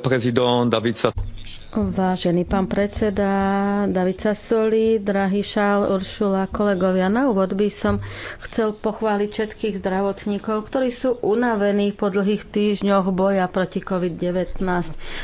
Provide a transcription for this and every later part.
prezident David Sassoli. Vážený pán predseda, Davica Soli, drahý Šál, Uršula, kolegovia, na úvod by som chcel pochváliť všetkých zdravotníkov, ktorí sú unavení po dlhých týždňoch boja proti COVID-19.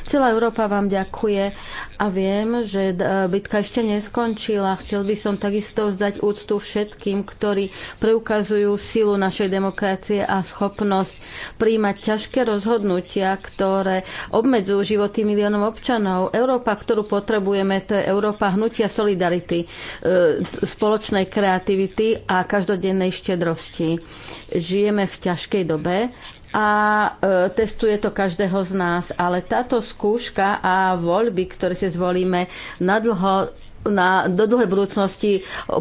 Celá Európa vám ďakuje a viem, že bitka ešte neskončila. Chcel by som takisto vzdať úctu všetkým, ktorí preukazujú silu našej demokracie a schopnosť príjmať ťažké rozhodnutia, ktoré obmedzujú životy miliónov občanov Európa, ktorú potrebujeme, to je Európa hnutia solidarity, e, spoločnej kreativity a každodennej štedrosti. Žijeme v ťažkej dobe a e, testuje to každého z nás, ale táto skúška a voľby, ktoré si zvolíme, nadlho na, do dlhej budúcnosti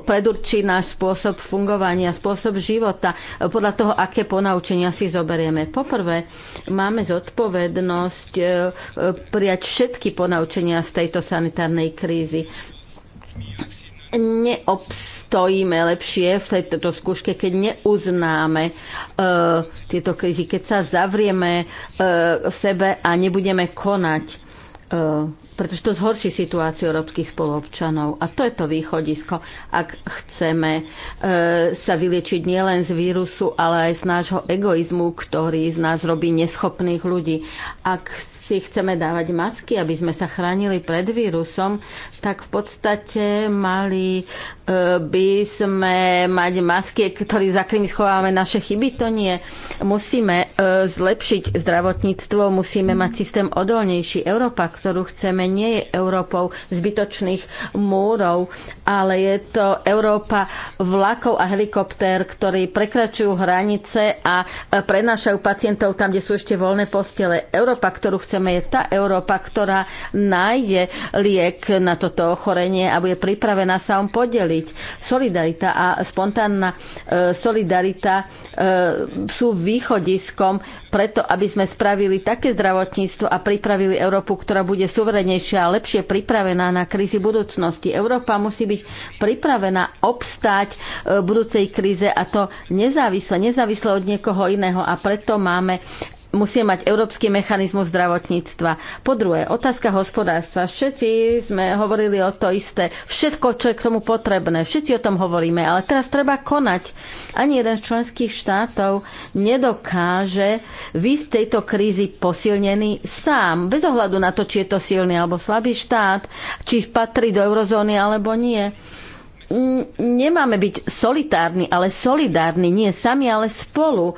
predurčí náš spôsob fungovania, spôsob života, podľa toho, aké ponaučenia si zoberieme. Poprvé, máme zodpovednosť e, e, prijať všetky ponaučenia z tejto sanitárnej krízy neobstojíme lepšie v tejto skúške, keď neuznáme uh, tieto krízy, keď sa zavrieme uh, v sebe a nebudeme konať E, pretože to zhorší situáciu európskych spoluobčanov. A to je to východisko, ak chceme e, sa vyliečiť nielen z vírusu, ale aj z nášho egoizmu, ktorý z nás robí neschopných ľudí. Ak si chceme dávať masky, aby sme sa chránili pred vírusom, tak v podstate mali e, by sme mať masky, ktorý, za ktorými schováme naše chyby. To nie. Musíme e, zlepšiť zdravotníctvo, musíme mať systém odolnejší. Európa, ktorú chceme, nie je Európou zbytočných múrov, ale je to Európa vlakov a helikoptér, ktorí prekračujú hranice a e, prenášajú pacientov tam, kde sú ešte voľné postele. Európa, ktorú chceme, chceme, je tá Európa, ktorá nájde liek na toto ochorenie a bude pripravená sa on podeliť. Solidarita a spontánna e, solidarita e, sú východiskom preto, aby sme spravili také zdravotníctvo a pripravili Európu, ktorá bude suverenejšia a lepšie pripravená na krízy budúcnosti. Európa musí byť pripravená obstáť e, budúcej kríze a to nezávisle, nezávisle od niekoho iného a preto máme musíme mať európsky mechanizmus zdravotníctva. Po druhé, otázka hospodárstva. Všetci sme hovorili o to isté. Všetko, čo je k tomu potrebné. Všetci o tom hovoríme, ale teraz treba konať. Ani jeden z členských štátov nedokáže výsť tejto krízy posilnený sám. Bez ohľadu na to, či je to silný alebo slabý štát, či patrí do eurozóny alebo nie nemáme byť solitárni, ale solidárni, nie sami, ale spolu. E,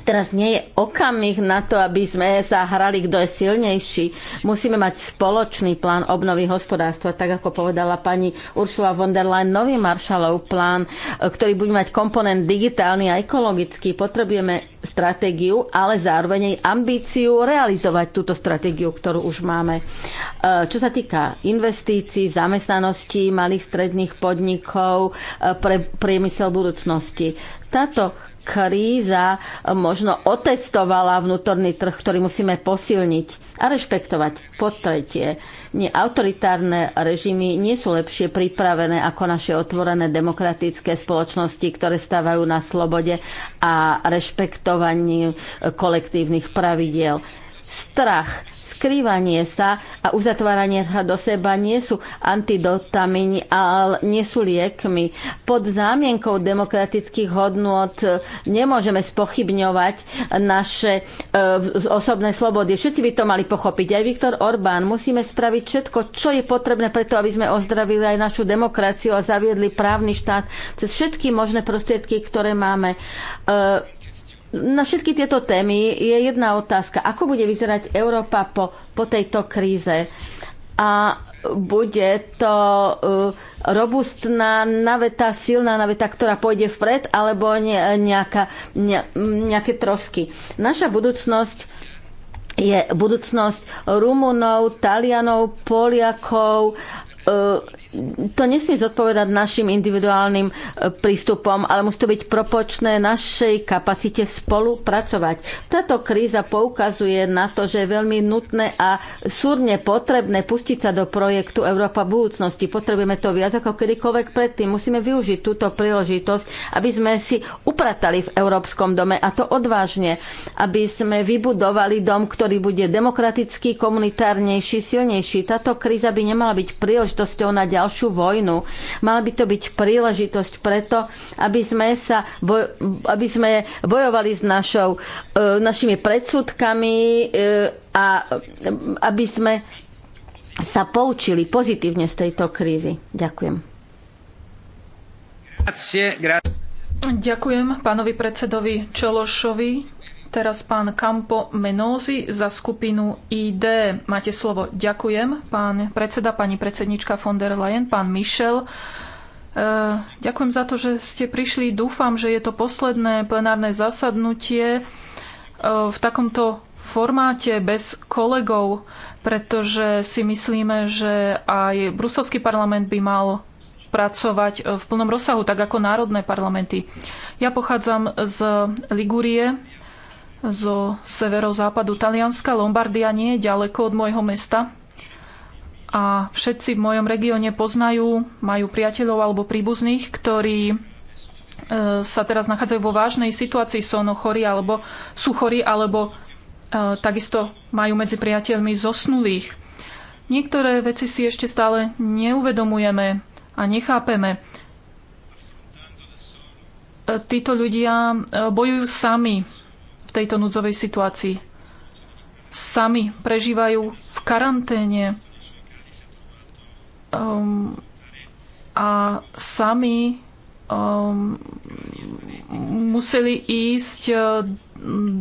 Teraz nie je okamih na to, aby sme sa hrali, kto je silnejší. Musíme mať spoločný plán obnovy hospodárstva, tak ako povedala pani Uršula von der Leyen, nový maršalov plán, ktorý bude mať komponent digitálny a ekologický. Potrebujeme stratégiu, ale zároveň aj ambíciu realizovať túto stratégiu, ktorú už máme. E, čo sa týka investícií, zamestnanosti, malých stredných podnikov e, pre priemysel budúcnosti. Táto kríza e, možno otestovala vnútorný trh, ktorý musíme posilniť a rešpektovať. Po tretie, autoritárne režimy nie sú lepšie pripravené ako naše otvorené demokratické spoločnosti, ktoré stávajú na slobode a rešpektovaní kolektívnych pravidiel strach, skrývanie sa a uzatváranie sa do seba nie sú antidotami, ale nie sú liekmi. Pod zámienkou demokratických hodnôt nemôžeme spochybňovať naše e, osobné slobody. Všetci by to mali pochopiť. Aj Viktor Orbán. Musíme spraviť všetko, čo je potrebné preto, aby sme ozdravili aj našu demokraciu a zaviedli právny štát cez všetky možné prostriedky, ktoré máme. E na všetky tieto témy je jedna otázka. Ako bude vyzerať Európa po, po tejto kríze? A bude to uh, robustná naveta, silná naveta, ktorá pôjde vpred, alebo nejaká, ne, nejaké trosky. Naša budúcnosť je budúcnosť Rumunov, Talianov, Poliakov, E, to nesmie zodpovedať našim individuálnym e, prístupom, ale musí to byť propočné našej kapacite spolupracovať. Táto kríza poukazuje na to, že je veľmi nutné a súrne potrebné pustiť sa do projektu Európa budúcnosti. Potrebujeme to viac ako kedykoľvek predtým. Musíme využiť túto príležitosť, aby sme si upratali v Európskom dome a to odvážne, aby sme vybudovali dom, ktorý bude demokratický, komunitárnejší, silnejší. Táto kríza by nemala byť príležitosť príležitosťou na ďalšiu vojnu. Mala by to byť príležitosť preto, aby sme, sa boj, aby sme bojovali s našou, e, našimi predsudkami e, a e, aby sme sa poučili pozitívne z tejto krízy. Ďakujem. Ďakujem pánovi predsedovi Čološovi. Teraz pán Campo Menózy za skupinu ID. Máte slovo. Ďakujem, pán predseda, pani predsednička von der Leyen, pán Michel. Eh, ďakujem za to, že ste prišli. Dúfam, že je to posledné plenárne zasadnutie eh, v takomto formáte bez kolegov, pretože si myslíme, že aj Bruselský parlament by mal pracovať eh, v plnom rozsahu, tak ako národné parlamenty. Ja pochádzam z Ligúrie, zo severozápadu Talianska. Lombardia nie je ďaleko od môjho mesta. A všetci v mojom regióne poznajú, majú priateľov alebo príbuzných, ktorí e, sa teraz nachádzajú vo vážnej situácii, sú ono chorí alebo sú chorí alebo e, takisto majú medzi priateľmi zosnulých. Niektoré veci si ešte stále neuvedomujeme a nechápeme. E, títo ľudia bojujú sami v tejto núdzovej situácii. Sami prežívajú v karanténe um, a sami um, museli ísť uh,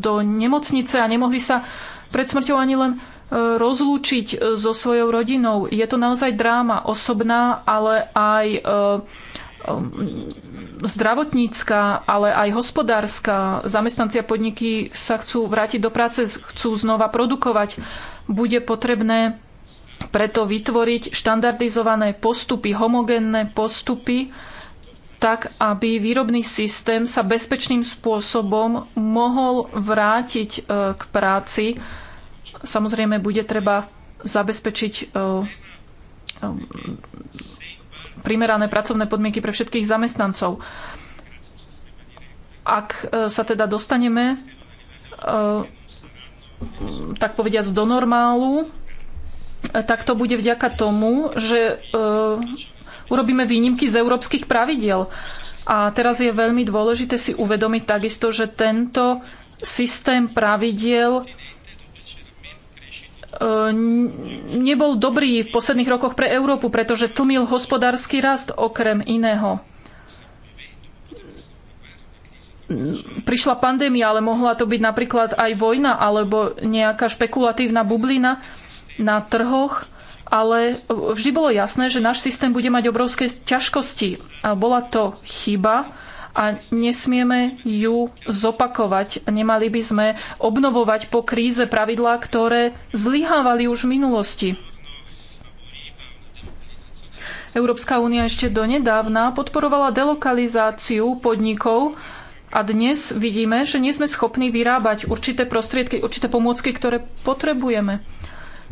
do nemocnice a nemohli sa pred smrťou ani len uh, rozlúčiť uh, so svojou rodinou. Je to naozaj dráma osobná, ale aj Um, zdravotnícka, ale aj hospodárska. Zamestnanci a podniky sa chcú vrátiť do práce, chcú znova produkovať. Bude potrebné preto vytvoriť štandardizované postupy, homogénne postupy, tak aby výrobný systém sa bezpečným spôsobom mohol vrátiť e, k práci. Samozrejme, bude treba zabezpečiť e, e, primerané pracovné podmienky pre všetkých zamestnancov. Ak e, sa teda dostaneme, e, tak povediať, do normálu, e, tak to bude vďaka tomu, že urobíme výnimky z európskych pravidiel. A teraz je veľmi dôležité si uvedomiť takisto, že tento systém pravidiel nebol dobrý v posledných rokoch pre Európu, pretože tlmil hospodársky rast okrem iného. Prišla pandémia, ale mohla to byť napríklad aj vojna alebo nejaká špekulatívna bublina na trhoch, ale vždy bolo jasné, že náš systém bude mať obrovské ťažkosti. A bola to chyba, a nesmieme ju zopakovať. Nemali by sme obnovovať po kríze pravidlá, ktoré zlyhávali už v minulosti. Európska únia ešte donedávna podporovala delokalizáciu podnikov a dnes vidíme, že nie sme schopní vyrábať určité prostriedky, určité pomôcky, ktoré potrebujeme.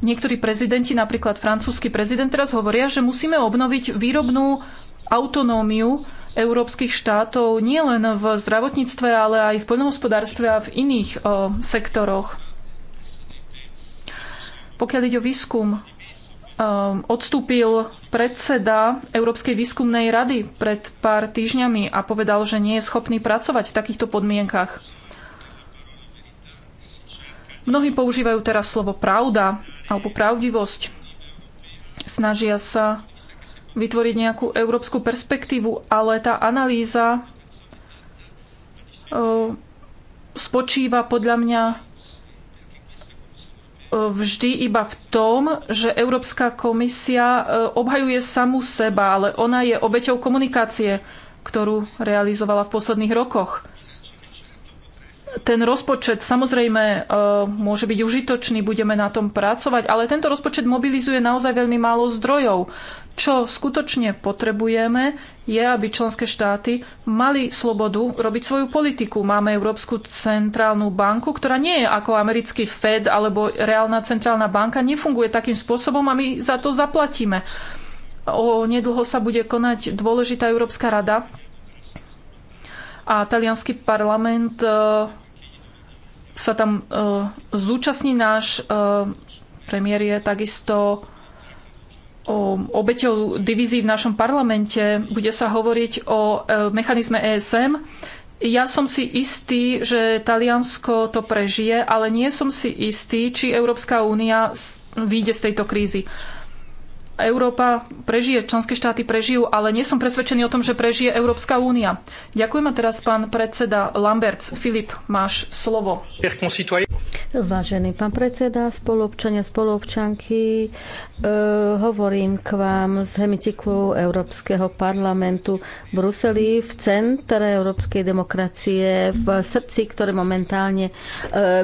Niektorí prezidenti, napríklad francúzsky prezident, teraz hovoria, že musíme obnoviť výrobnú autonómiu európskych štátov nielen v zdravotníctve, ale aj v poľnohospodárstve a v iných o, sektoroch. Pokiaľ ide o výskum, odstúpil predseda Európskej výskumnej rady pred pár týždňami a povedal, že nie je schopný pracovať v takýchto podmienkach. Mnohí používajú teraz slovo pravda alebo pravdivosť. Snažia sa vytvoriť nejakú európsku perspektívu, ale tá analýza e, spočíva podľa mňa e, vždy iba v tom, že Európska komisia e, obhajuje samu seba, ale ona je obeťou komunikácie, ktorú realizovala v posledných rokoch. Ten rozpočet samozrejme môže byť užitočný, budeme na tom pracovať, ale tento rozpočet mobilizuje naozaj veľmi málo zdrojov. Čo skutočne potrebujeme, je, aby členské štáty mali slobodu robiť svoju politiku. Máme Európsku centrálnu banku, ktorá nie je ako americký Fed alebo reálna centrálna banka, nefunguje takým spôsobom a my za to zaplatíme. O nedlho sa bude konať dôležitá Európska rada a talianský parlament e, sa tam e, zúčastní náš e, premiér je takisto obeťou divízií v našom parlamente. Bude sa hovoriť o e, mechanizme ESM. Ja som si istý, že Taliansko to prežije, ale nie som si istý, či Európska únia vyjde z tejto krízy. Európa prežije, členské štáty prežijú, ale nie som presvedčený o tom, že prežije Európska únia. Ďakujem a teraz pán predseda Lamberts. Filip, máš slovo. Vážený pán predseda, spoluobčania, spoluobčanky, e, hovorím k vám z hemicyklu Európskeho parlamentu v Bruseli, v centre európskej demokracie, v srdci, ktoré momentálne e,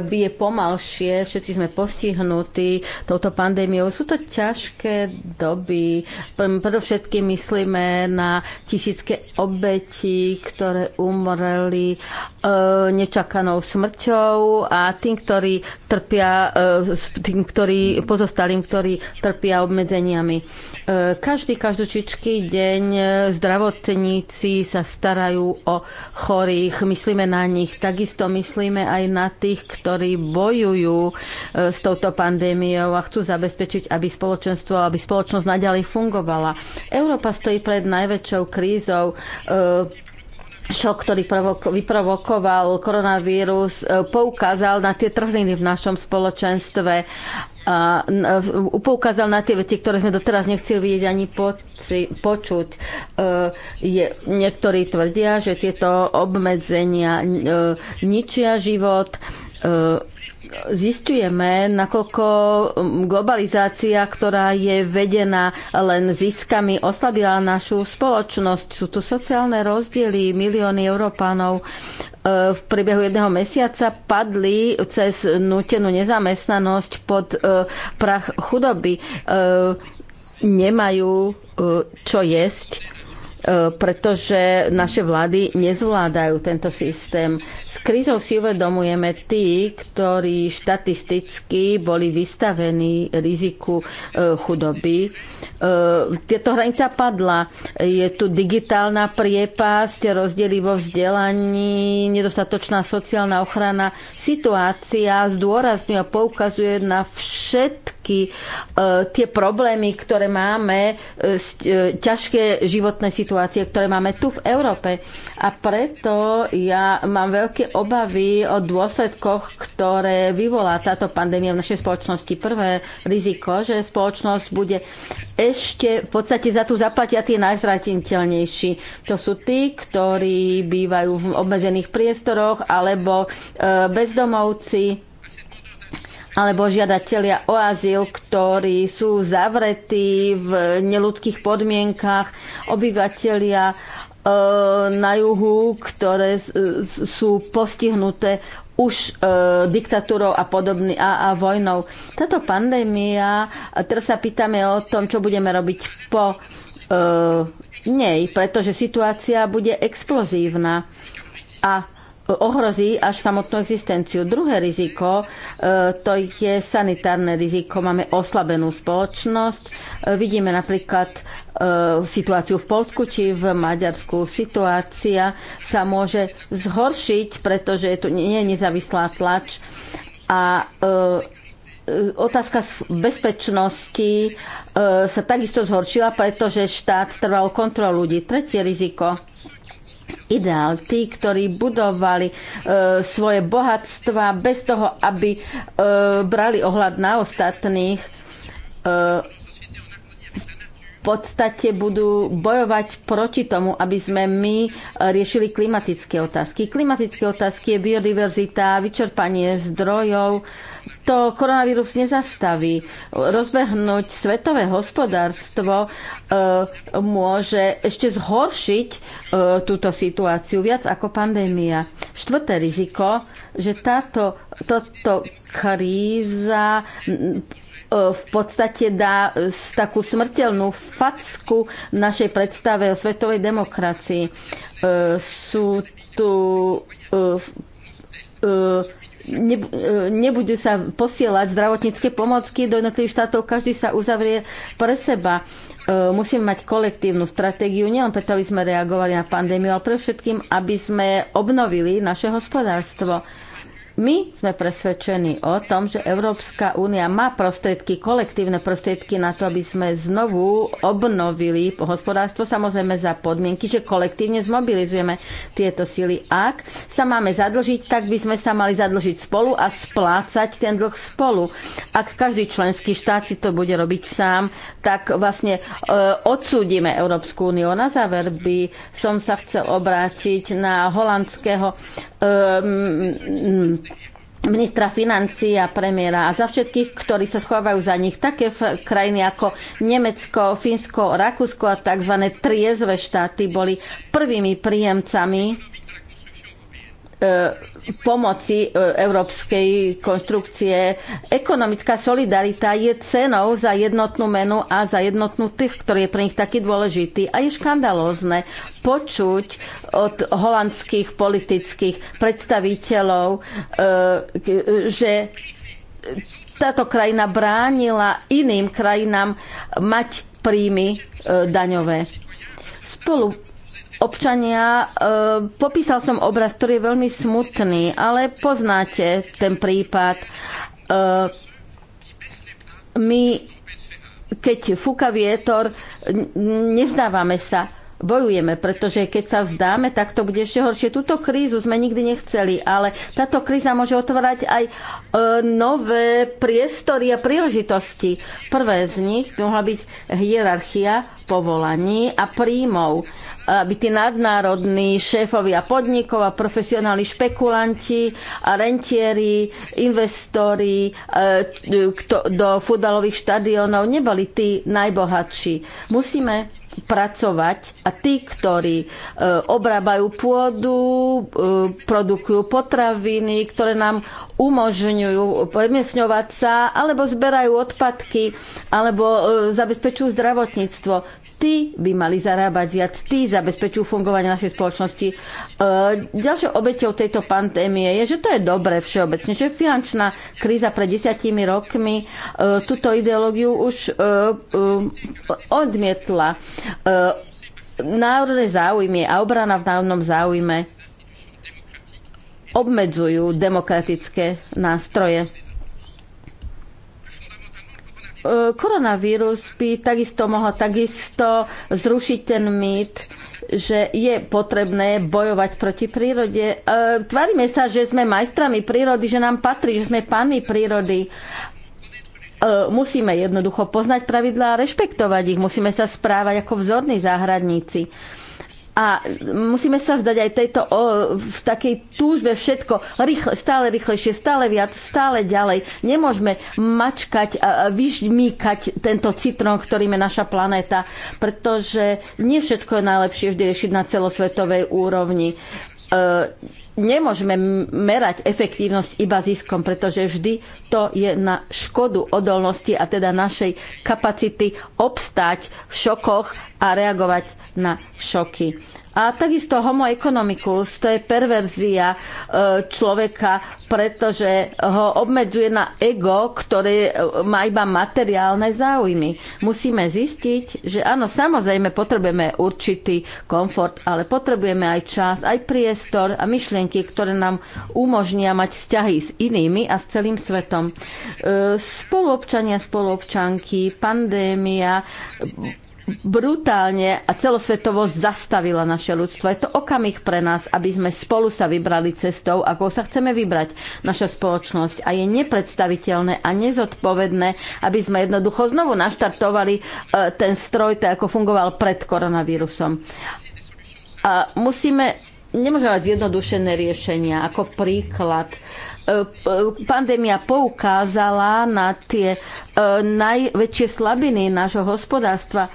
bije pomalšie. Všetci sme postihnutí touto pandémiou. Sú to ťažké doby. Predovšetkým myslíme na tisícké obetí, ktoré umreli e, nečakanou smrťou a tým, ktorí trpia, e, tým, ktorí, pozostalým, ktorí trpia obmedzeniami. E, každý, každúčičký deň e, zdravotníci sa starajú o chorých. Myslíme na nich. Takisto myslíme aj na tých, ktorí bojujú e, s touto pandémiou a chcú zabezpečiť, aby spoločenstvo, aby spoločenstvo spoločnosť naďalej fungovala. Európa stojí pred najväčšou krízou eh, šok, ktorý vyprovokoval koronavírus, eh, poukázal na tie trhliny v našom spoločenstve a poukázal na tie veci, ktoré sme doteraz nechceli vidieť ani poci, počuť. Eh, je, niektorí tvrdia, že tieto obmedzenia ničia život E, zistujeme, nakoľko globalizácia, ktorá je vedená len ziskami, oslabila našu spoločnosť. Sú tu sociálne rozdiely, milióny Európanov e, v priebehu jedného mesiaca padli cez nutenú nezamestnanosť pod e, prach chudoby. Nemajú čo jesť E, pretože naše vlády nezvládajú tento systém. S krízou si uvedomujeme tí, ktorí štatisticky boli vystavení riziku e, chudoby. E, tieto hranica padla. Je tu digitálna priepasť, rozdiely vo vzdelaní, nedostatočná sociálna ochrana. Situácia zdôrazňuje a poukazuje na všetky všetky e, tie problémy, ktoré máme, e, e, ťažké životné situácie, ktoré máme tu v Európe. A preto ja mám veľké obavy o dôsledkoch, ktoré vyvolá táto pandémia v našej spoločnosti. Prvé riziko, že spoločnosť bude ešte v podstate za tu zaplatia tí najzratiteľnejší. To sú tí, ktorí bývajú v obmedzených priestoroch alebo bezdomovci alebo žiadatelia o azyl, ktorí sú zavretí v neludských podmienkach, obyvatelia e, na juhu, ktoré sú postihnuté už e, diktatúrou a podobný a, a vojnou. Táto pandémia, teraz sa pýtame o tom, čo budeme robiť po e, nej, pretože situácia bude explozívna. A ohrozí až samotnú existenciu. Druhé riziko, e, to je sanitárne riziko. Máme oslabenú spoločnosť. E, vidíme napríklad e, situáciu v Polsku či v Maďarsku. Situácia sa môže zhoršiť, pretože tu nie je nezávislá tlač a otázka bezpečnosti sa takisto zhoršila, pretože štát trval kontrolu ľudí. Tretie riziko ideál. Tí, ktorí budovali e, svoje bohatstva bez toho, aby e, brali ohľad na ostatných, e, v podstate budú bojovať proti tomu, aby sme my e, riešili klimatické otázky. Klimatické otázky je biodiverzita, vyčerpanie zdrojov, e, to koronavírus nezastaví. Rozbehnúť svetové hospodárstvo e, môže ešte zhoršiť e, túto situáciu viac ako pandémia. Štvrté riziko, že táto toto kríza e, v podstate dá takú smrteľnú facku našej predstave o svetovej demokracii. E, sú tu e, E, nebudú sa posielať zdravotnícke pomocky do jednotlivých štátov, každý sa uzavrie pre seba. E, musíme mať kolektívnu stratégiu, nielen preto, aby sme reagovali na pandémiu, ale pre všetkým, aby sme obnovili naše hospodárstvo my sme presvedčení o tom, že Európska únia má prostriedky, kolektívne prostriedky na to, aby sme znovu obnovili hospodárstvo, samozrejme za podmienky, že kolektívne zmobilizujeme tieto sily. Ak sa máme zadlžiť, tak by sme sa mali zadlžiť spolu a splácať ten dlh spolu. Ak každý členský štát si to bude robiť sám, tak vlastne e, odsúdime Európsku úniu. Na záver by som sa chcel obrátiť na holandského um, ministra financí a premiéra a za všetkých, ktorí sa schovajú za nich. Také krajiny ako Nemecko, Fínsko, Rakúsko a tzv. triezve štáty boli prvými príjemcami E, pomoci e, európskej konštrukcie. Ekonomická solidarita je cenou za jednotnú menu a za jednotnú tých, ktorý je pre nich taký dôležitý. A je škandalózne počuť od holandských politických predstaviteľov, e, že táto krajina bránila iným krajinám mať príjmy daňové. Spolu občania, e, popísal som obraz, ktorý je veľmi smutný, ale poznáte ten prípad. E, my, keď fúka vietor, nevzdávame sa bojujeme, pretože keď sa vzdáme, tak to bude ešte horšie. Túto krízu sme nikdy nechceli, ale táto kríza môže otvárať aj e, nové priestory a príležitosti. Prvé z nich by mohla byť hierarchia povolaní a príjmov. E, aby tí nadnárodní šéfovia podnikov a profesionáli špekulanti a rentieri, investori e, do futbalových štadionov neboli tí najbohatší. Musíme pracovať a tí, ktorí e, obrábajú pôdu, e, produkujú potraviny, ktoré nám umožňujú premiesňovať sa, alebo zberajú odpadky, alebo zabezpečujú zdravotníctvo tí by mali zarábať viac, tí zabezpečujú fungovanie našej spoločnosti. E, ďalšou obeťou tejto pandémie je, že to je dobre všeobecne, že finančná kríza pred desiatimi rokmi e, túto ideológiu už e, odmietla. Národné záujmy a obrana v národnom záujme obmedzujú demokratické nástroje Eh, koronavírus by takisto mohla takisto zrušiť ten mýt, že je potrebné bojovať proti prírode. E, tvárime sa, že sme majstrami prírody, že nám patrí, že sme pánmi prírody. Eh, musíme jednoducho poznať pravidlá a rešpektovať ich. Musíme sa správať ako vzorní záhradníci. A musíme sa vzdať aj tejto, o, v takej túžbe všetko, rýchle, stále rýchlejšie, stále viac, stále ďalej. Nemôžeme mačkať a vyžmýkať tento citrón, ktorým je naša planéta, pretože nie všetko je najlepšie vždy riešiť na celosvetovej úrovni. E, nemôžeme merať efektívnosť iba ziskom, pretože vždy to je na škodu odolnosti a teda našej kapacity obstať v šokoch a reagovať na šoky. A takisto homo economicus, to je perverzia e, človeka, pretože ho obmedzuje na ego, ktoré e, má iba materiálne záujmy. Musíme zistiť, že áno, samozrejme potrebujeme určitý komfort, ale potrebujeme aj čas, aj priestor a myšlienky, ktoré nám umožnia mať vzťahy s inými a s celým svetom. E, spoluobčania, spoluobčanky, pandémia, brutálne a celosvetovo zastavila naše ľudstvo. Je to okamih pre nás, aby sme spolu sa vybrali cestou, ako sa chceme vybrať naša spoločnosť. A je nepredstaviteľné a nezodpovedné, aby sme jednoducho znovu naštartovali e, ten stroj, tak ako fungoval pred koronavírusom. A musíme, nemôžeme mať zjednodušené riešenia. Ako príklad, e, e, pandémia poukázala na tie najväčšie slabiny nášho hospodárstva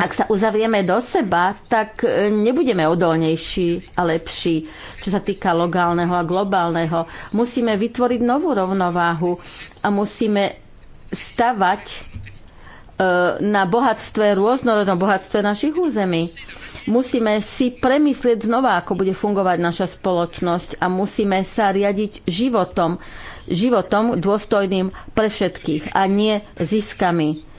ak sa uzavrieme do seba, tak e, nebudeme odolnejší a lepší, čo sa týka lokálneho a globálneho. Musíme vytvoriť novú rovnováhu a musíme stavať e, na bohatstve, rôznorodnom bohatstve našich území. Musíme si premyslieť znova, ako bude fungovať naša spoločnosť a musíme sa riadiť životom, životom dôstojným pre všetkých a nie ziskami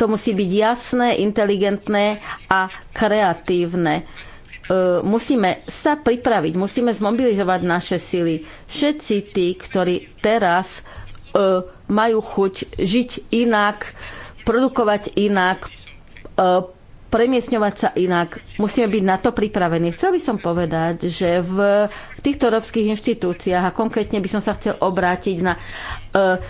to musí byť jasné, inteligentné a kreatívne e, musíme sa pripraviť, musíme zmobilizovať naše sily. Všetci tí, ktorí teraz e, majú chuť žiť inak, produkovať inak, e, premiesňovať sa inak. Musíme byť na to pripravení. Chcel by som povedať, že v týchto európskych inštitúciách, a konkrétne by som sa chcel obrátiť na e,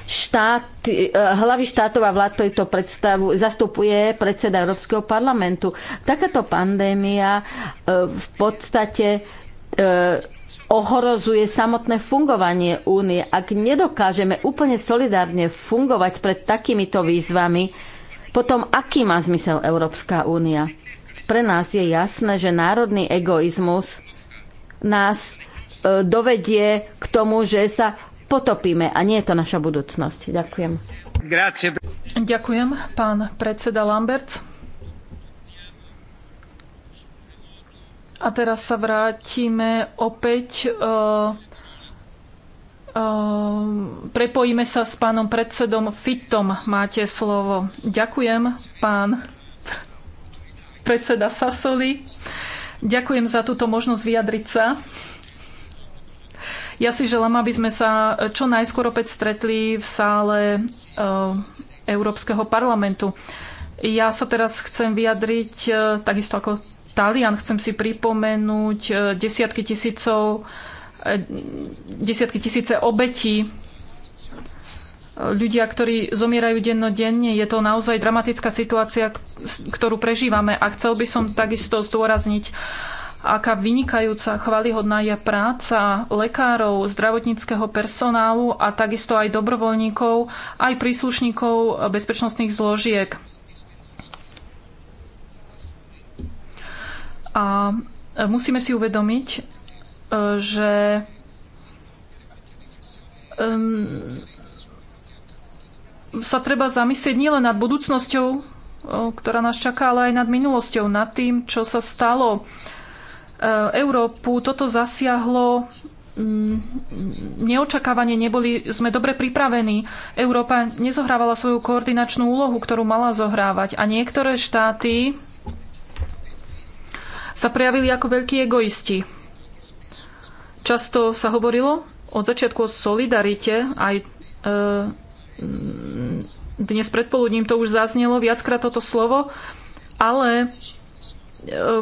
štát, e, hlavy štátov a vlád, ktorý to predstavu, zastupuje predseda Európskeho parlamentu. Takáto pandémia e, v podstate ohrozuje samotné fungovanie únie. Ak nedokážeme úplne solidárne fungovať pred takýmito výzvami, potom, aký má zmysel Európska únia? Pre nás je jasné, že národný egoizmus nás e, dovedie k tomu, že sa potopíme a nie je to naša budúcnosť. Ďakujem. Ďakujem, pán predseda Lambert. A teraz sa vrátime opäť e, Ehm, prepojíme sa s pánom predsedom Fitom. Máte slovo. Ďakujem, pán predseda Sasoli. Ďakujem za túto možnosť vyjadriť sa. Ja si želám, aby sme sa čo najskôr opäť stretli v sále ehm, Európskeho parlamentu. Ja sa teraz chcem vyjadriť, ehm, takisto ako Talian, chcem si pripomenúť desiatky tisícov E, desiatky tisíce obetí, ľudia, ktorí zomierajú dennodenne. Je to naozaj dramatická situácia, ktorú prežívame. A chcel by som takisto zdôrazniť, aká vynikajúca, chvalihodná je práca lekárov, zdravotníckého personálu a takisto aj dobrovoľníkov, aj príslušníkov bezpečnostných zložiek. A musíme si uvedomiť, že sa treba zamyslieť nielen nad budúcnosťou, ktorá nás čaká, ale aj nad minulosťou, nad tým, čo sa stalo. E, Európu toto zasiahlo neočakávanie, neboli sme dobre pripravení. Európa nezohrávala svoju koordinačnú úlohu, ktorú mala zohrávať. A niektoré štáty sa prejavili ako veľkí egoisti. Často sa hovorilo od začiatku o solidarite, aj e, dnes predpoludním to už zaznelo viackrát toto slovo, ale e,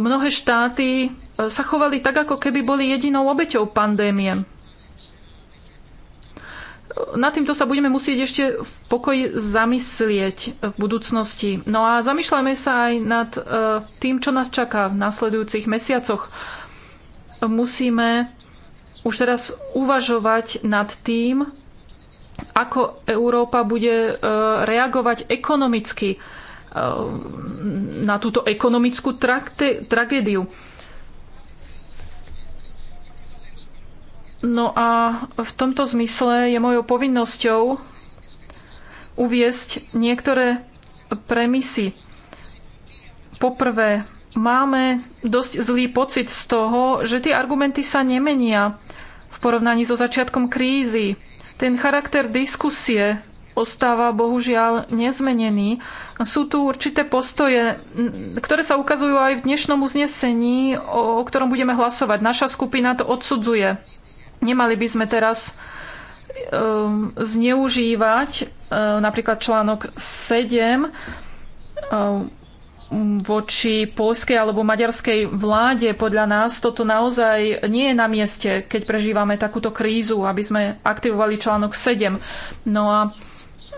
mnohé štáty e, sa chovali tak, ako keby boli jedinou obeťou pandémie. Nad týmto sa budeme musieť ešte v pokoji zamyslieť v budúcnosti. No a zamýšľame sa aj nad e, tým, čo nás čaká v nasledujúcich mesiacoch. Musíme už teraz uvažovať nad tým, ako Európa bude e, reagovať ekonomicky e, na túto ekonomickú tragédiu. No a v tomto zmysle je mojou povinnosťou uviesť niektoré premisy. Poprvé, máme dosť zlý pocit z toho, že tie argumenty sa nemenia v porovnaní so začiatkom krízy. Ten charakter diskusie ostáva bohužiaľ nezmenený. Sú tu určité postoje, ktoré sa ukazujú aj v dnešnom uznesení, o ktorom budeme hlasovať. Naša skupina to odsudzuje. Nemali by sme teraz um, zneužívať um, napríklad článok 7 um, voči poľskej alebo maďarskej vláde. Podľa nás toto naozaj nie je na mieste, keď prežívame takúto krízu, aby sme aktivovali článok 7. No a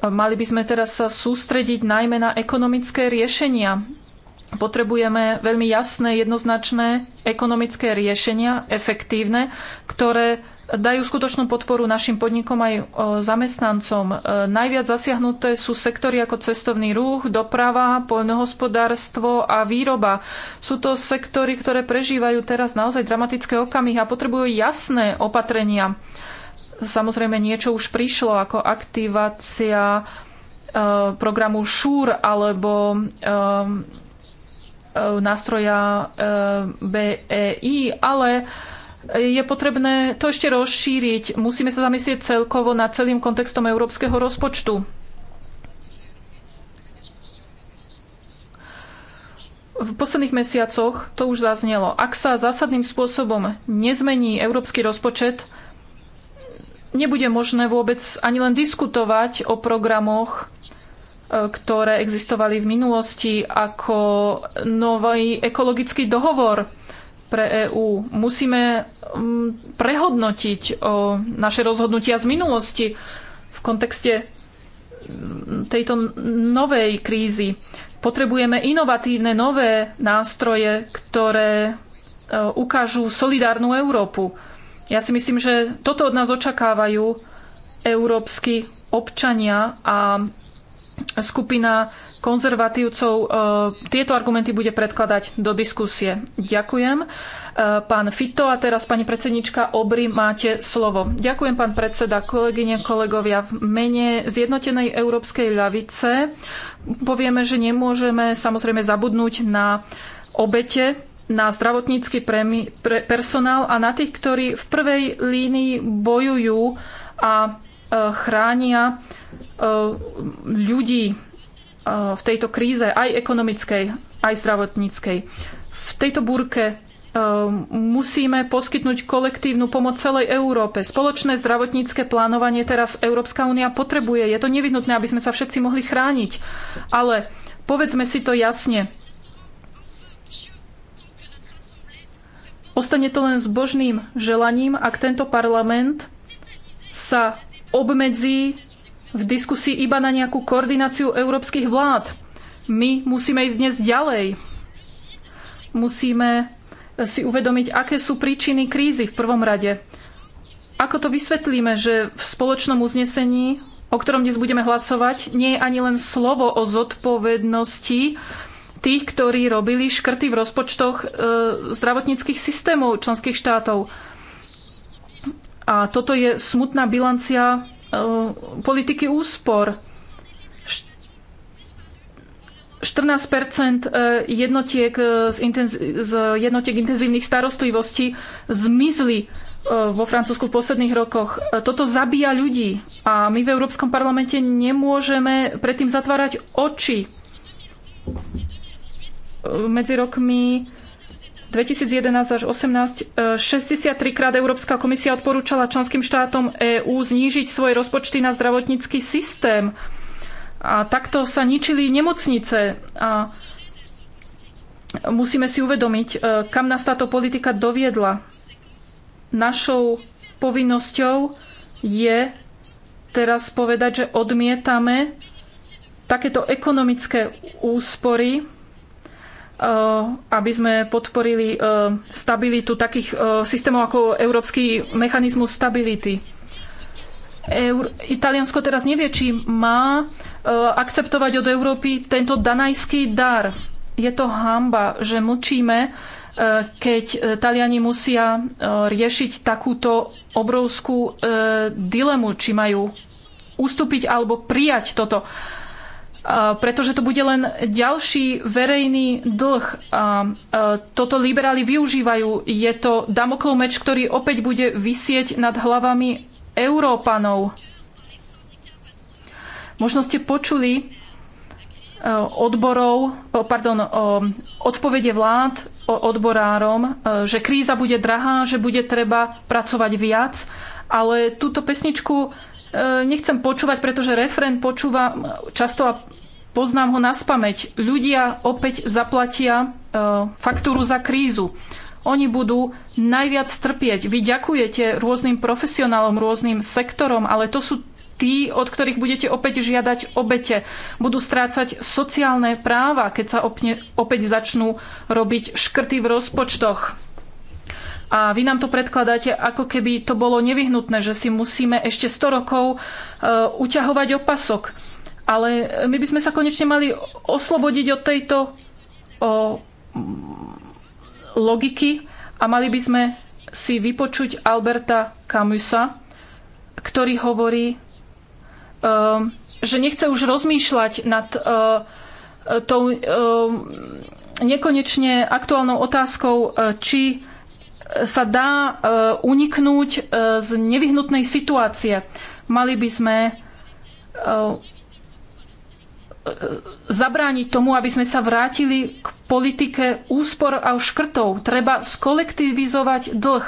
mali by sme teraz sa sústrediť najmä na ekonomické riešenia. Potrebujeme veľmi jasné, jednoznačné ekonomické riešenia, efektívne, ktoré dajú skutočnú podporu našim podnikom aj zamestnancom. E, najviac zasiahnuté sú sektory ako cestovný ruch, doprava, poľnohospodárstvo a výroba. Sú to sektory, ktoré prežívajú teraz naozaj dramatické okamihy a potrebujú jasné opatrenia. Samozrejme, niečo už prišlo ako aktivácia e, programu ŠUR alebo e, nástroja BEI, ale je potrebné to ešte rozšíriť. Musíme sa zamyslieť celkovo nad celým kontextom európskeho rozpočtu. V posledných mesiacoch to už zaznelo. Ak sa zásadným spôsobom nezmení európsky rozpočet, nebude možné vôbec ani len diskutovať o programoch, e, ktoré existovali v minulosti, ako nový ekologický dohovor pre EÚ. Musíme mm, prehodnotiť naše rozhodnutia z minulosti v kontexte mm, tejto novej krízy. Potrebujeme inovatívne nové nástroje, ktoré e, ukážu solidárnu Európu. Ja si myslím, že toto od nás očakávajú európsky občania a skupina konzervatívcov e, tieto argumenty bude predkladať do diskusie. Ďakujem. E, pán Fito a teraz pani predsednička Obry máte slovo. Ďakujem, pán predseda, kolegyne, kolegovia. V mene Zjednotenej európskej ľavice povieme, že nemôžeme samozrejme zabudnúť na obete na zdravotnícky personál a na tých, ktorí v prvej línii bojujú a Eh, chránia eh, ľudí eh, v tejto kríze, aj ekonomickej, aj zdravotníckej. V tejto búrke musíme poskytnúť kolektívnu pomoc celej Európe. Spoločné zdravotnícke plánovanie teraz Európska únia potrebuje. Je to nevyhnutné, aby sme sa všetci mohli chrániť. Ale povedzme si to jasne. Ostane to len s božným želaním, ak tento parlament sa obmedzí v diskusii iba na nejakú koordináciu európskych vlád. My musíme ísť dnes ďalej. Musíme si uvedomiť, aké sú príčiny krízy v prvom rade. Ako to vysvetlíme, že v spoločnom uznesení, o ktorom dnes budeme hlasovať, nie je ani len slovo o zodpovednosti tých, ktorí robili škrty v rozpočtoch e, zdravotníckých systémov členských štátov. A toto je smutná bilancia e, politiky úspor. 14 e, jednotiek e, z, z jednotiek intenzívnych starostlivostí zmizli vo Francúzsku v posledných rokoch. Toto zabíja ľudí a my v Európskom parlamente nemôžeme predtým zatvárať oči. Medzi rokmi 2011 až 18 63 krát Európska komisia odporúčala členským štátom EÚ znížiť svoje rozpočty na zdravotnícky systém. A takto sa ničili nemocnice. A musíme si uvedomiť, e, kam nás táto politika doviedla. Našou povinnosťou je teraz povedať, že odmietame takéto ekonomické úspory, Eh, aby sme podporili eh, stabilitu takých eh, systémov ako Európsky mechanizmus stability. Eur, Italiansko teraz nevie, či má akceptovať od Európy tento danajský dar. Je to hamba, že mlčíme, keď Taliani musia riešiť takúto obrovskú dilemu, či majú ustúpiť alebo prijať toto pretože to bude len ďalší verejný dlh. A toto liberáli využívajú. Je to damoklov meč, ktorý opäť bude vysieť nad hlavami Európanov. Možno ste počuli e, odborov, pardon, odpovede vlád odborárom, e, že kríza bude drahá, že bude treba pracovať viac, ale túto pesničku E, nechcem počúvať, pretože refren počúva e, často a poznám ho na spameť. Ľudia opäť zaplatia e, faktúru za krízu. Oni budú najviac trpieť. Vy ďakujete rôznym profesionálom, rôznym sektorom, ale to sú tí, od ktorých budete opäť žiadať obete. Budú strácať sociálne práva, keď sa opne, opäť začnú robiť škrty v rozpočtoch a vy nám to predkladáte, ako keby to bolo nevyhnutné, že si musíme ešte 100 rokov e, uťahovať opasok. Ale my by sme sa konečne mali oslobodiť od tejto o, logiky a mali by sme si vypočuť Alberta Camusa, ktorý hovorí, e, že nechce už rozmýšľať nad e, tou nekonečne aktuálnou otázkou, či sa dá e, uniknúť e, z nevyhnutnej situácie. Mali by sme e, zabrániť tomu, aby sme sa vrátili k politike úspor a škrtov. Treba skolektivizovať dlh.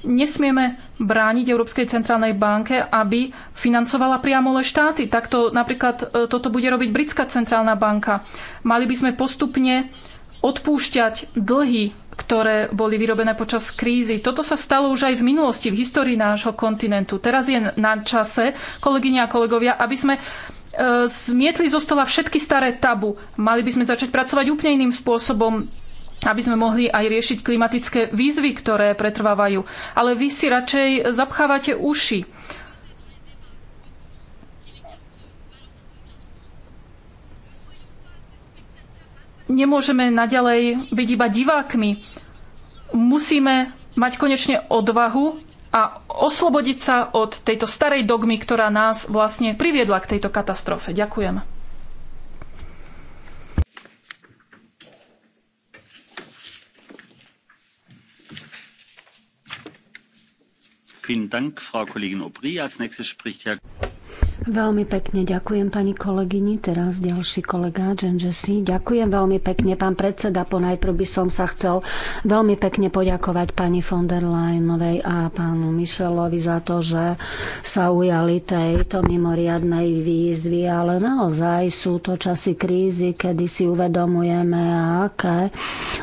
Nesmieme brániť Európskej centrálnej banke, aby financovala priamo le štáty. Takto napríklad toto bude robiť Britská centrálna banka. Mali by sme postupne odpúšťať dlhy, ktoré boli vyrobené počas krízy. Toto sa stalo už aj v minulosti, v histórii nášho kontinentu. Teraz je na čase, kolegyne a kolegovia, aby sme e, zmietli zo stola všetky staré tabu. Mali by sme začať pracovať úplne iným spôsobom, aby sme mohli aj riešiť klimatické výzvy, ktoré pretrvávajú. Ale vy si radšej zapchávate uši. nemôžeme naďalej byť iba divákmi. Musíme mať konečne odvahu a oslobodiť sa od tejto starej dogmy, ktorá nás vlastne priviedla k tejto katastrofe. Ďakujem. Vielen Dank, Frau Kollegin Aubry. Als nächstes spricht Herr Veľmi pekne ďakujem pani kolegyni. Teraz ďalší kolega Jesse. Ďakujem veľmi pekne, pán predseda. Ponajprv by som sa chcel veľmi pekne poďakovať pani von der Leyenovej a pánu Michelovi za to, že sa ujali tejto mimoriadnej výzvy, ale naozaj sú to časy krízy, kedy si uvedomujeme, aké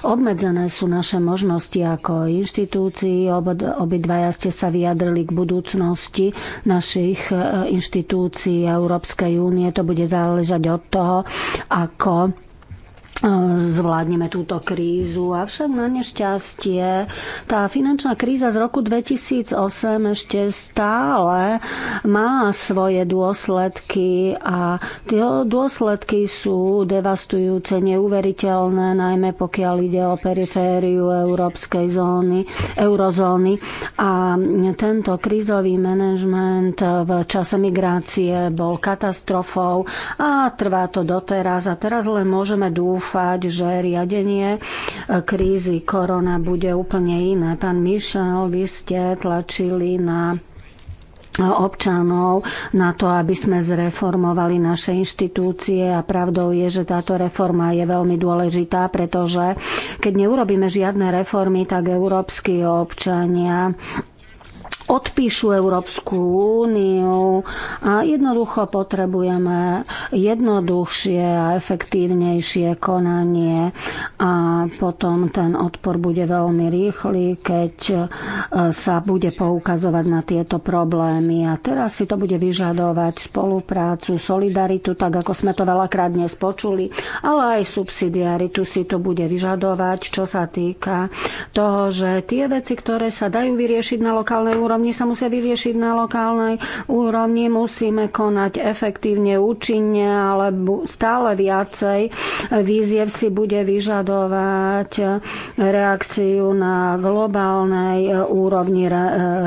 obmedzené sú naše možnosti ako inštitúcií. Obidvaja ste sa vyjadrili k budúcnosti našich e, inštitúcií inštitúcií Európskej únie. To bude záležať od toho, ako zvládneme túto krízu. Avšak na nešťastie tá finančná kríza z roku 2008 ešte stále má svoje dôsledky a tie dôsledky sú devastujúce, neuveriteľné, najmä pokiaľ ide o perifériu európskej zóny, eurozóny a tento krízový manažment v čase migrácie bol katastrofou a trvá to doteraz a teraz len môžeme dúfať, dúfať, že riadenie e, krízy korona bude úplne iné. Pán Mišel, vy ste tlačili na občanov na to, aby sme zreformovali naše inštitúcie a pravdou je, že táto reforma je veľmi dôležitá, pretože keď neurobíme žiadne reformy, tak európsky občania odpíšu Európsku úniu a jednoducho potrebujeme jednoduchšie a efektívnejšie konanie a potom ten odpor bude veľmi rýchly, keď e, sa bude poukazovať na tieto problémy a teraz si to bude vyžadovať spoluprácu, solidaritu, tak ako sme to veľakrát dnes počuli, ale aj subsidiaritu si to bude vyžadovať, čo sa týka toho, že tie veci, ktoré sa dajú vyriešiť na lokálnej úrovni, úrovni sa musia vyriešiť na lokálnej úrovni. Musíme konať efektívne, účinne, ale stále viacej výziev si bude vyžadovať reakciu na globálnej úrovni,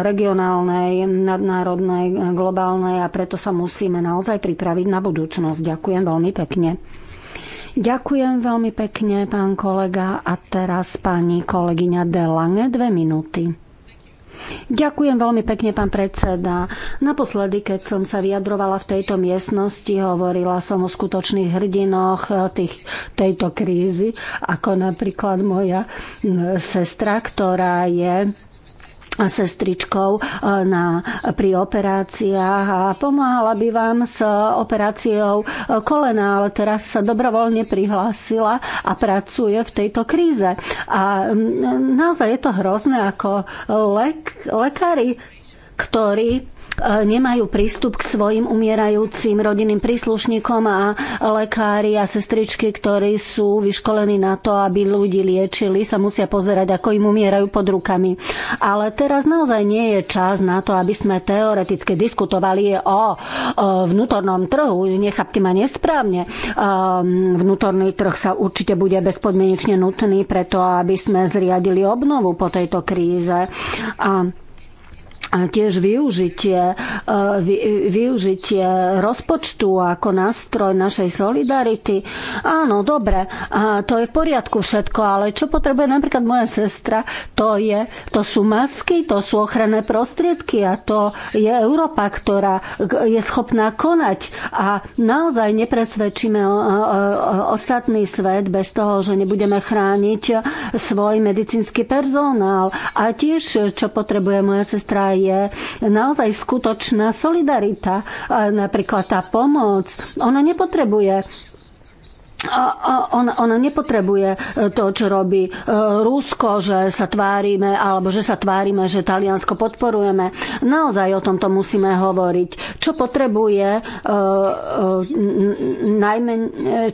regionálnej, nadnárodnej, globálnej a preto sa musíme naozaj pripraviť na budúcnosť. Ďakujem veľmi pekne. Ďakujem veľmi pekne, pán kolega. A teraz pani kolegyňa Delange, dve minúty. Ďakujem veľmi pekne, pán predseda. Naposledy, keď som sa vyjadrovala v tejto miestnosti, hovorila som o skutočných hrdinoch eh, tých, tejto krízy, ako napríklad moja mm, sestra, ktorá je sestričkou e, na, pri operáciách a pomáhala by vám s operáciou e, kolena, ale teraz sa dobrovoľne prihlásila a pracuje v tejto kríze. A naozaj je to hrozné, ako lek, lekári ktorí e, nemajú prístup k svojim umierajúcim rodinným príslušníkom a lekári a sestričky, ktorí sú vyškolení na to, aby ľudí liečili, sa musia pozerať, ako im umierajú pod rukami. Ale teraz naozaj nie je čas na to, aby sme teoreticky diskutovali o vnútornom trhu. Nechápte ma nesprávne. Ehm, vnútorný trh sa určite bude bezpodmienečne nutný preto, aby sme zriadili obnovu po tejto kríze. A tiež využitie, e, využitie rozpočtu ako nástroj našej solidarity. Áno, dobre, to je v poriadku všetko, ale čo potrebuje napríklad moja sestra, to, je, to sú masky, to sú ochranné prostriedky a to je Európa, ktorá je schopná konať a naozaj nepresvedčíme e, e, ostatný svet bez toho, že nebudeme chrániť svoj medicínsky personál. A tiež, čo potrebuje moja sestra, je naozaj skutočná solidarita, napríklad tá pomoc. Ona nepotrebuje ona nepotrebuje e, to, čo robí e, Rusko, že sa tvárime, alebo že sa tvárime, že Taliansko podporujeme. Naozaj o tomto musíme hovoriť. Čo potrebuje, e, najmä,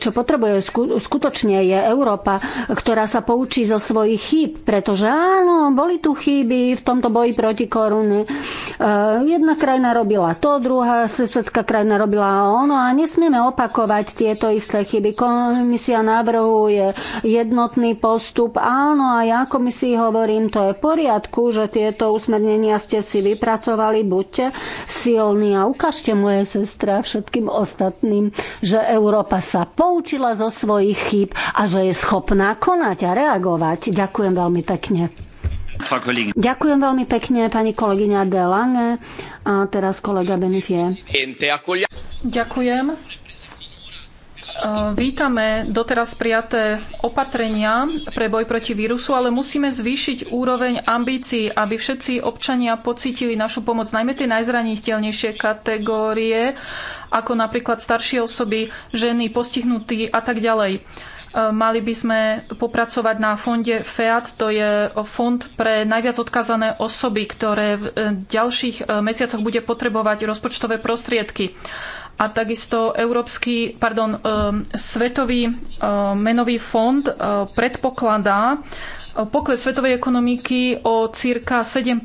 čo potrebuje skutočne je Európa, ktorá sa poučí zo svojich chýb, pretože áno, boli tu chyby v tomto boji proti korune. Jedna krajina robila to, druhá svetská krajina robila ono a nesmieme opakovať tieto isté chyby komisia navrhuje jednotný postup. Áno, a ja komisii hovorím, to je v poriadku, že tieto usmernenia ste si vypracovali, buďte silní a ukážte moje sestra a všetkým ostatným, že Európa sa poučila zo svojich chýb a že je schopná konať a reagovať. Ďakujem veľmi pekne. Ďakujem veľmi pekne, pani kolegyňa De Lange a teraz kolega Benifie. Ďakujem. E, vítame doteraz prijaté opatrenia pre boj proti vírusu, ale musíme zvýšiť úroveň ambícií, aby všetci občania pocítili našu pomoc, najmä tie najzraniteľnejšie kategórie, ako napríklad staršie osoby, ženy, postihnutí a tak ďalej. E, mali by sme popracovať na fonde FEAT, to je fond pre najviac odkázané osoby, ktoré v e, ďalších mesiacoch bude potrebovať rozpočtové prostriedky a takisto Európsky, pardon, um, Svetový um, menový fond uh, predpokladá uh, pokles svetovej ekonomiky o cirka 7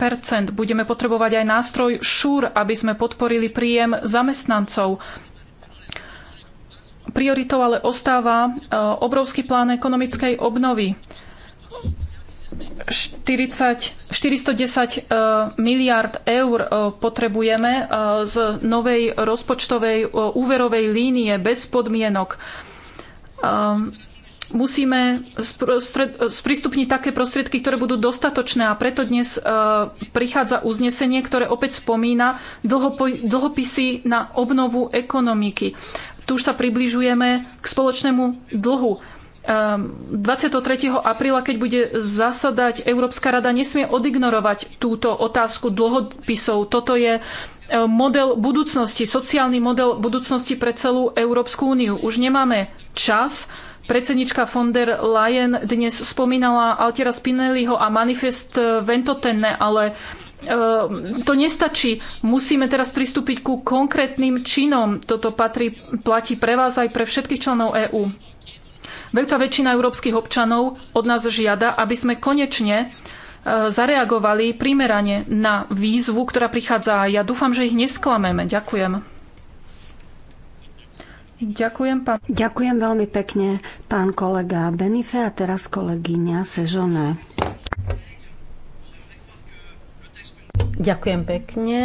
Budeme potrebovať aj nástroj ŠUR, aby sme podporili príjem zamestnancov. Prioritou ale ostáva uh, obrovský plán ekonomickej obnovy. 40, 410 miliard eur e, potrebujeme e, z novej rozpočtovej e, úverovej línie bez podmienok. Musíme sprístupniť také prostriedky, ktoré budú dostatočné a preto dnes prichádza uznesenie, ktoré opäť spomína dlhopisy na obnovu ekonomiky. Tu už sa približujeme k spoločnému dlhu 23. Ehm, apríla, keď bude zasadať Európska rada, nesmie odignorovať túto otázku dlhopisov. Toto je ehm, model budúcnosti, sociálny model budúcnosti pre celú Európsku úniu. Už nemáme čas. Predsednička von der Leyen dnes spomínala Altiera Spinelliho a manifest eh, Ventotene, ale ehm, to nestačí. Musíme teraz pristúpiť ku konkrétnym činom. Toto patrí, platí pre vás aj pre všetkých členov EÚ. Veľká väčšina európskych občanov od nás žiada, aby sme konečne e, zareagovali primerane na výzvu, ktorá prichádza. Ja dúfam, že ich nesklameme. Ďakujem. Ďakujem, pán... Ďakujem veľmi pekne, pán kolega Benife a teraz kolegyňa Sežone. Ďakujem pekne.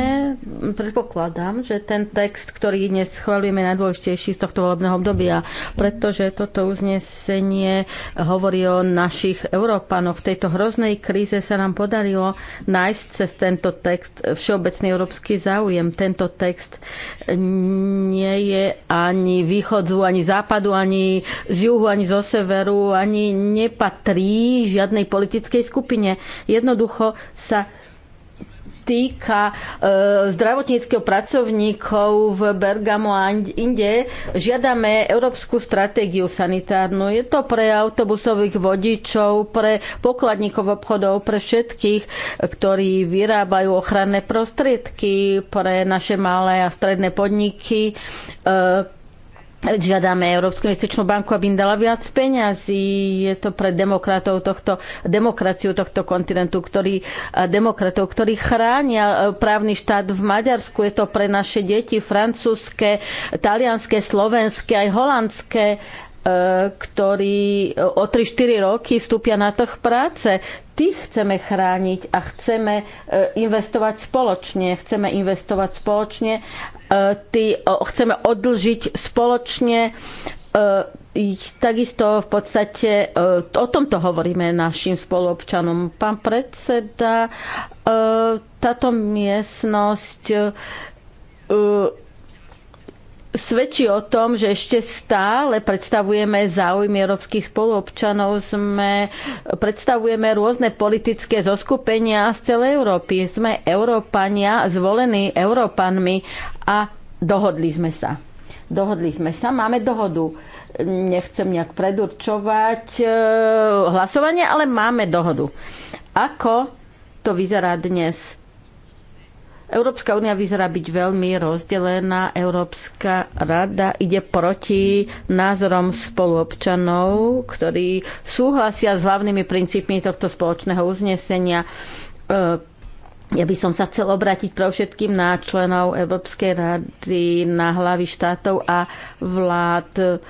Predpokladám, že ten text, ktorý dnes schválime, je najdôležitejší z tohto volebného obdobia, pretože toto uznesenie hovorí o našich Európanoch. V tejto hroznej kríze sa nám podarilo nájsť cez tento text všeobecný európsky záujem. Tento text nie je ani východzu, ani západu, ani z juhu, ani zo severu, ani nepatrí žiadnej politickej skupine. Jednoducho sa týka e, zdravotníckého pracovníkov v Bergamo a inde, žiadame európsku stratégiu sanitárnu. Je to pre autobusových vodičov, pre pokladníkov obchodov, pre všetkých, ktorí vyrábajú ochranné prostriedky, pre naše malé a stredné podniky, e, žiadame Európsku investičnú banku, aby im dala viac peňazí. Je to pre demokratov tohto, demokraciu tohto kontinentu, ktorý, eh, demokratov, ktorí chránia eh, právny štát v Maďarsku. Je to pre naše deti francúzske, talianske, slovenské, aj holandské E, ktorí e, o 3-4 roky vstúpia na trh práce. Tých chceme chrániť a chceme e, investovať spoločne. Chceme investovať spoločne, tí, chceme odlžiť spoločne. Takisto v podstate o tomto hovoríme našim spoluobčanom. Pán predseda, táto miestnosť svedčí o tom, že ešte stále predstavujeme záujmy európskych spoluobčanov, sme, predstavujeme rôzne politické zoskupenia z celej Európy. Sme Európania, zvolení Európanmi a dohodli sme sa. Dohodli sme sa, máme dohodu. Nechcem nejak predurčovať e, hlasovanie, ale máme dohodu. Ako to vyzerá dnes? Európska únia vyzerá byť veľmi rozdelená. Európska rada ide proti názorom spoluobčanov, ktorí súhlasia s hlavnými princípmi tohto spoločného uznesenia. E, ja by som sa chcel obrátiť pre všetkým na členov Európskej rady, na hlavy štátov a vlád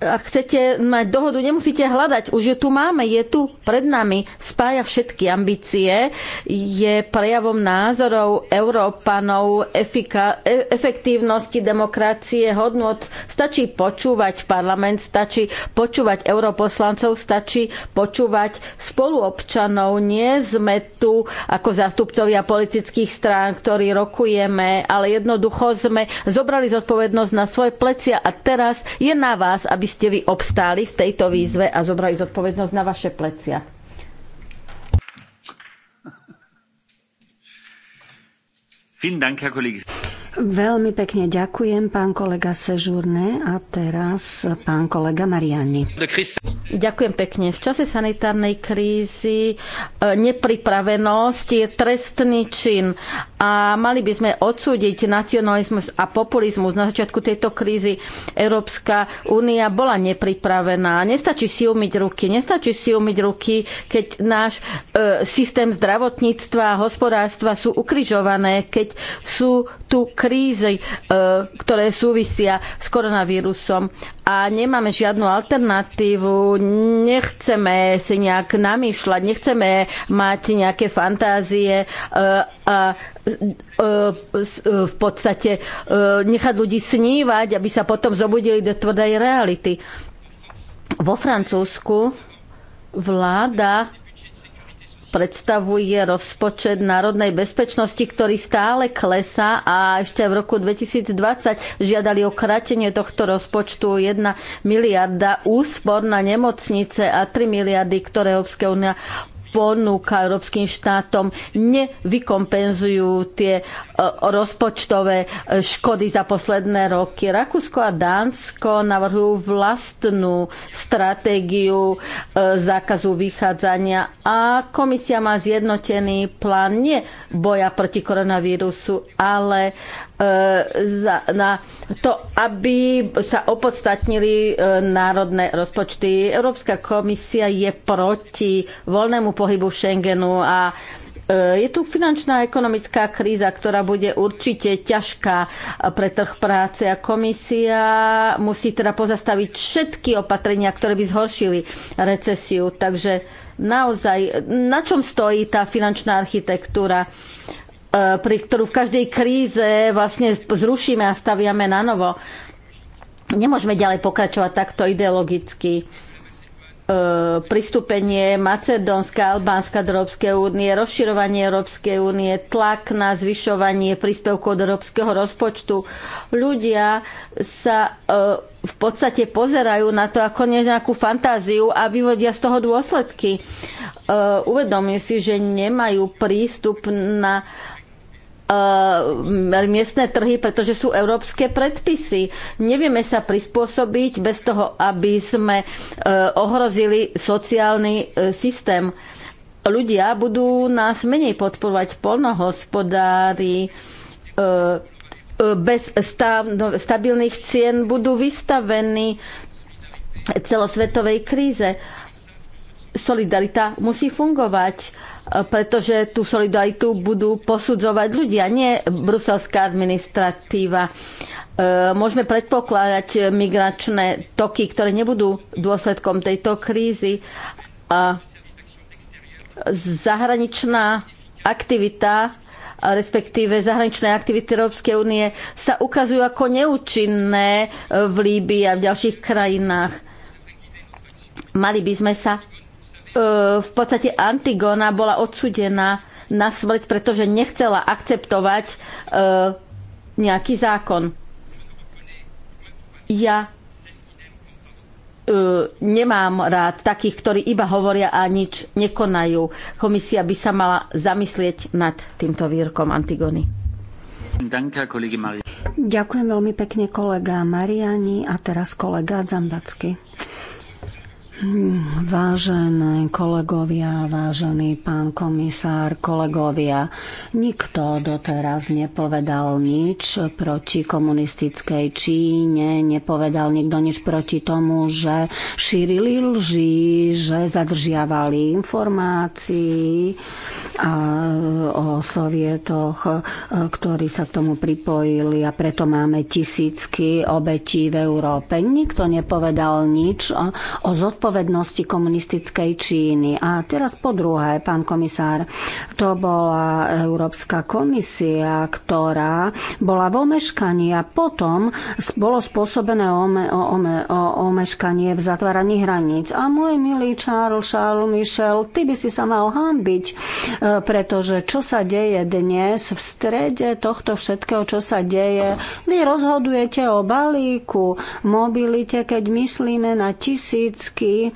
ak chcete mať dohodu, nemusíte hľadať, už ju tu máme, je tu pred nami, spája všetky ambície, je prejavom názorov Európanov, efika, e efektívnosti demokracie, hodnot. Stačí počúvať parlament, stačí počúvať europoslancov, stačí počúvať spoluobčanov. Nie sme tu ako zástupcovia politických strán, ktorí rokujeme, ale jednoducho sme zobrali zodpovednosť na svoje plecia a teraz je na vás, aby ste vy obstáli v tejto výzve a zobrali zodpovednosť na vaše plecia? Veľmi pekne ďakujem, pán kolega Sežurné a teraz pán kolega Mariani. Ďakujem pekne. V čase sanitárnej krízy e, nepripravenosť je trestný čin a mali by sme odsúdiť nacionalizmus a populizmus. Na začiatku tejto krízy Európska únia bola nepripravená. Nestačí si umyť ruky, nestačí si umyť ruky, keď náš e, systém zdravotníctva a hospodárstva sú ukrižované, keď sú tu krízy, e, ktoré súvisia s koronavírusom a nemáme žiadnu alternatívu, nechceme si nejak namýšľať, nechceme mať nejaké fantázie e, a e, v podstate nechať ľudí snívať, aby sa potom zobudili do tvrdej reality. Vo Francúzsku vláda predstavuje rozpočet národnej bezpečnosti, ktorý stále klesá a ešte v roku 2020 žiadali o kratenie tohto rozpočtu 1 miliarda úspor na nemocnice a 3 miliardy, ktoré Európska únia ponúka európskym štátom, nevykompenzujú tie e, rozpočtové e, škody za posledné roky. Rakúsko a Dánsko navrhujú vlastnú stratégiu e, zákazu vychádzania a komisia má zjednotený plán nie boja proti koronavírusu, ale E, za, na to, aby sa opodstatnili e, národné rozpočty. Európska komisia je proti voľnému pohybu Schengenu a e, je tu finančná a ekonomická kríza, ktorá bude určite ťažká pre trh práce a komisia musí teda pozastaviť všetky opatrenia, ktoré by zhoršili recesiu. Takže naozaj, na čom stojí tá finančná architektúra? E, pri ktorú v každej kríze vlastne zrušíme a staviame na novo. Nemôžeme ďalej pokračovať takto ideologicky e, pristúpenie Macedónska, Albánska do Európskej únie, rozširovanie Európskej únie, tlak na zvyšovanie príspevkov do európskeho rozpočtu. Ľudia sa e, v podstate pozerajú na to ako nejakú fantáziu a vyvodia z toho dôsledky. Uvedomujú si, že nemajú prístup na Eh, miestne trhy, pretože sú európske predpisy. Nevieme sa prispôsobiť bez toho, aby sme eh, ohrozili sociálny eh, systém. Ľudia budú nás menej podporovať, polnohospodári, bez no, stabilných cien budú vystavení celosvetovej kríze. Solidarita musí fungovať pretože tú solidaritu budú posudzovať ľudia, nie bruselská administratíva. E, môžeme predpokladať migračné toky, ktoré nebudú dôsledkom tejto krízy. A zahraničná aktivita respektíve zahraničné aktivity Európskej únie sa ukazujú ako neúčinné v Líbii a v ďalších krajinách. Mali by sme sa E, v podstate Antigona bola odsudená na smrť, pretože nechcela akceptovať e, nejaký zákon. Ja e, nemám rád takých, ktorí iba hovoria a nič nekonajú. Komisia by sa mala zamyslieť nad týmto výrokom Antigony. Ďakujem veľmi pekne kolega Mariani a teraz kolega Zambacky. Vážené kolegovia, vážený pán komisár, kolegovia, nikto doteraz nepovedal nič proti komunistickej Číne, nepovedal nikto nič proti tomu, že šírili lži, že zadržiavali informácií a o sovietoch, e, ktorí sa k tomu pripojili a preto máme tisícky obetí v Európe. Nikto nepovedal nič o, o zodpovednosti zodpovednosti komunistickej Číny. A teraz po druhé, pán komisár, to bola Európska komisia, ktorá bola v omeškaní a potom bolo spôsobené ome, ome, omeškanie v zatváraní hraníc. A môj milý Charles, Charles Michel, ty by si sa mal hambiť, e, pretože čo sa deje dnes v strede tohto všetkého, čo sa deje, vy rozhodujete o balíku, mobilite, keď myslíme na tisícky Eh,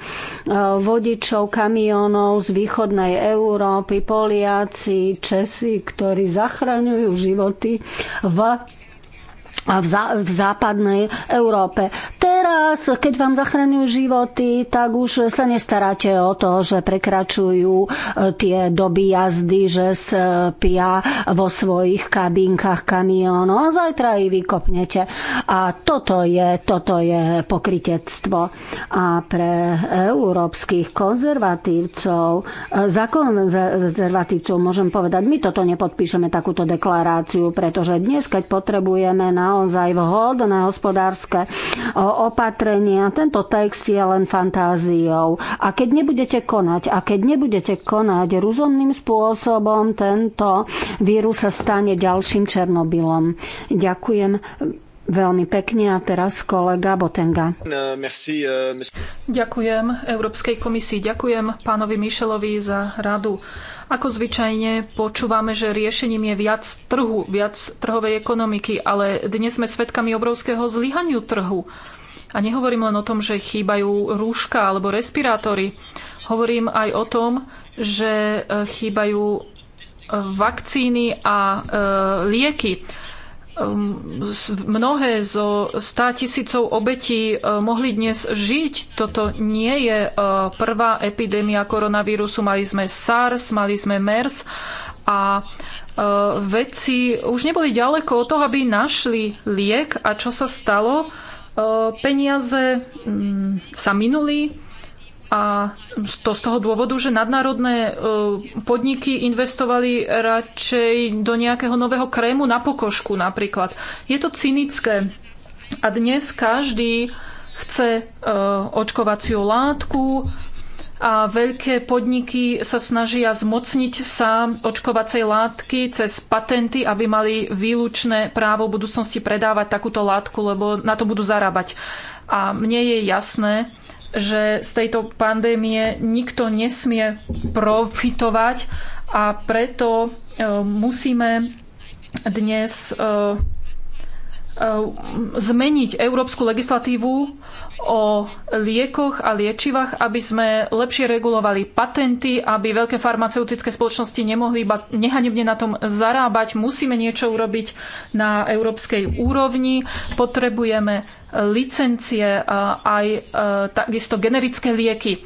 vodičov kamionov z východnej Európy, Poliaci, Česi, ktorí zachraňujú životy v v, zá, v západnej Európe. Teraz, keď vám zachraňujú životy, tak už sa nestaráte o to, že prekračujú e, tie doby jazdy, že spia e, vo svojich kabinkách kamionov a zajtra ich vykopnete. A toto je, toto je pokritectvo. A pre európskych konzervatívcov, e, za konzervatívcov môžem povedať, my toto nepodpíšeme takúto deklaráciu, pretože dnes, keď potrebujeme na naozaj vhodné hospodárske opatrenia. Tento text je len fantáziou. A keď nebudete konať, a keď nebudete konať rozumným spôsobom, tento vírus sa stane ďalším Černobylom. Ďakujem Veľmi pekne a teraz kolega Botenga. Eh, ďakujem Európskej komisii, ďakujem pánovi Mišelovi za radu. Ako zvyčajne počúvame, že riešením je viac trhu, viac trhovej ekonomiky, ale dnes sme svedkami obrovského zlyhaniu trhu. A nehovorím len o tom, že chýbajú rúška alebo respirátory. Hovorím aj o tom, že eh, chýbajú eh, vakcíny a lieky Ehm, mnohé zo 100 tisícov obetí e, mohli dnes žiť. Toto nie je e, prvá epidémia koronavírusu. Mali sme SARS, mali sme MERS a e, vedci už neboli ďaleko od toho, aby našli liek. A čo sa stalo? Peniaze mm, sa minuli, a to z toho dôvodu, že nadnárodné e, podniky investovali radšej do nejakého nového krému na pokožku napríklad. Je to cynické. A dnes každý chce e, očkovaciu látku a veľké podniky sa snažia zmocniť sa očkovacej látky cez patenty, aby mali výlučné právo v budúcnosti predávať takúto látku, lebo na to budú zarábať. A mne je jasné, že z tejto pandémie nikto nesmie profitovať a preto e, musíme dnes e, Eh, zmeniť európsku legislatívu o liekoch a liečivách, aby sme lepšie regulovali patenty, aby veľké farmaceutické spoločnosti nemohli iba nehanebne na tom zarábať. Musíme niečo urobiť na európskej úrovni. Potrebujeme licencie a aj eh, takisto generické lieky.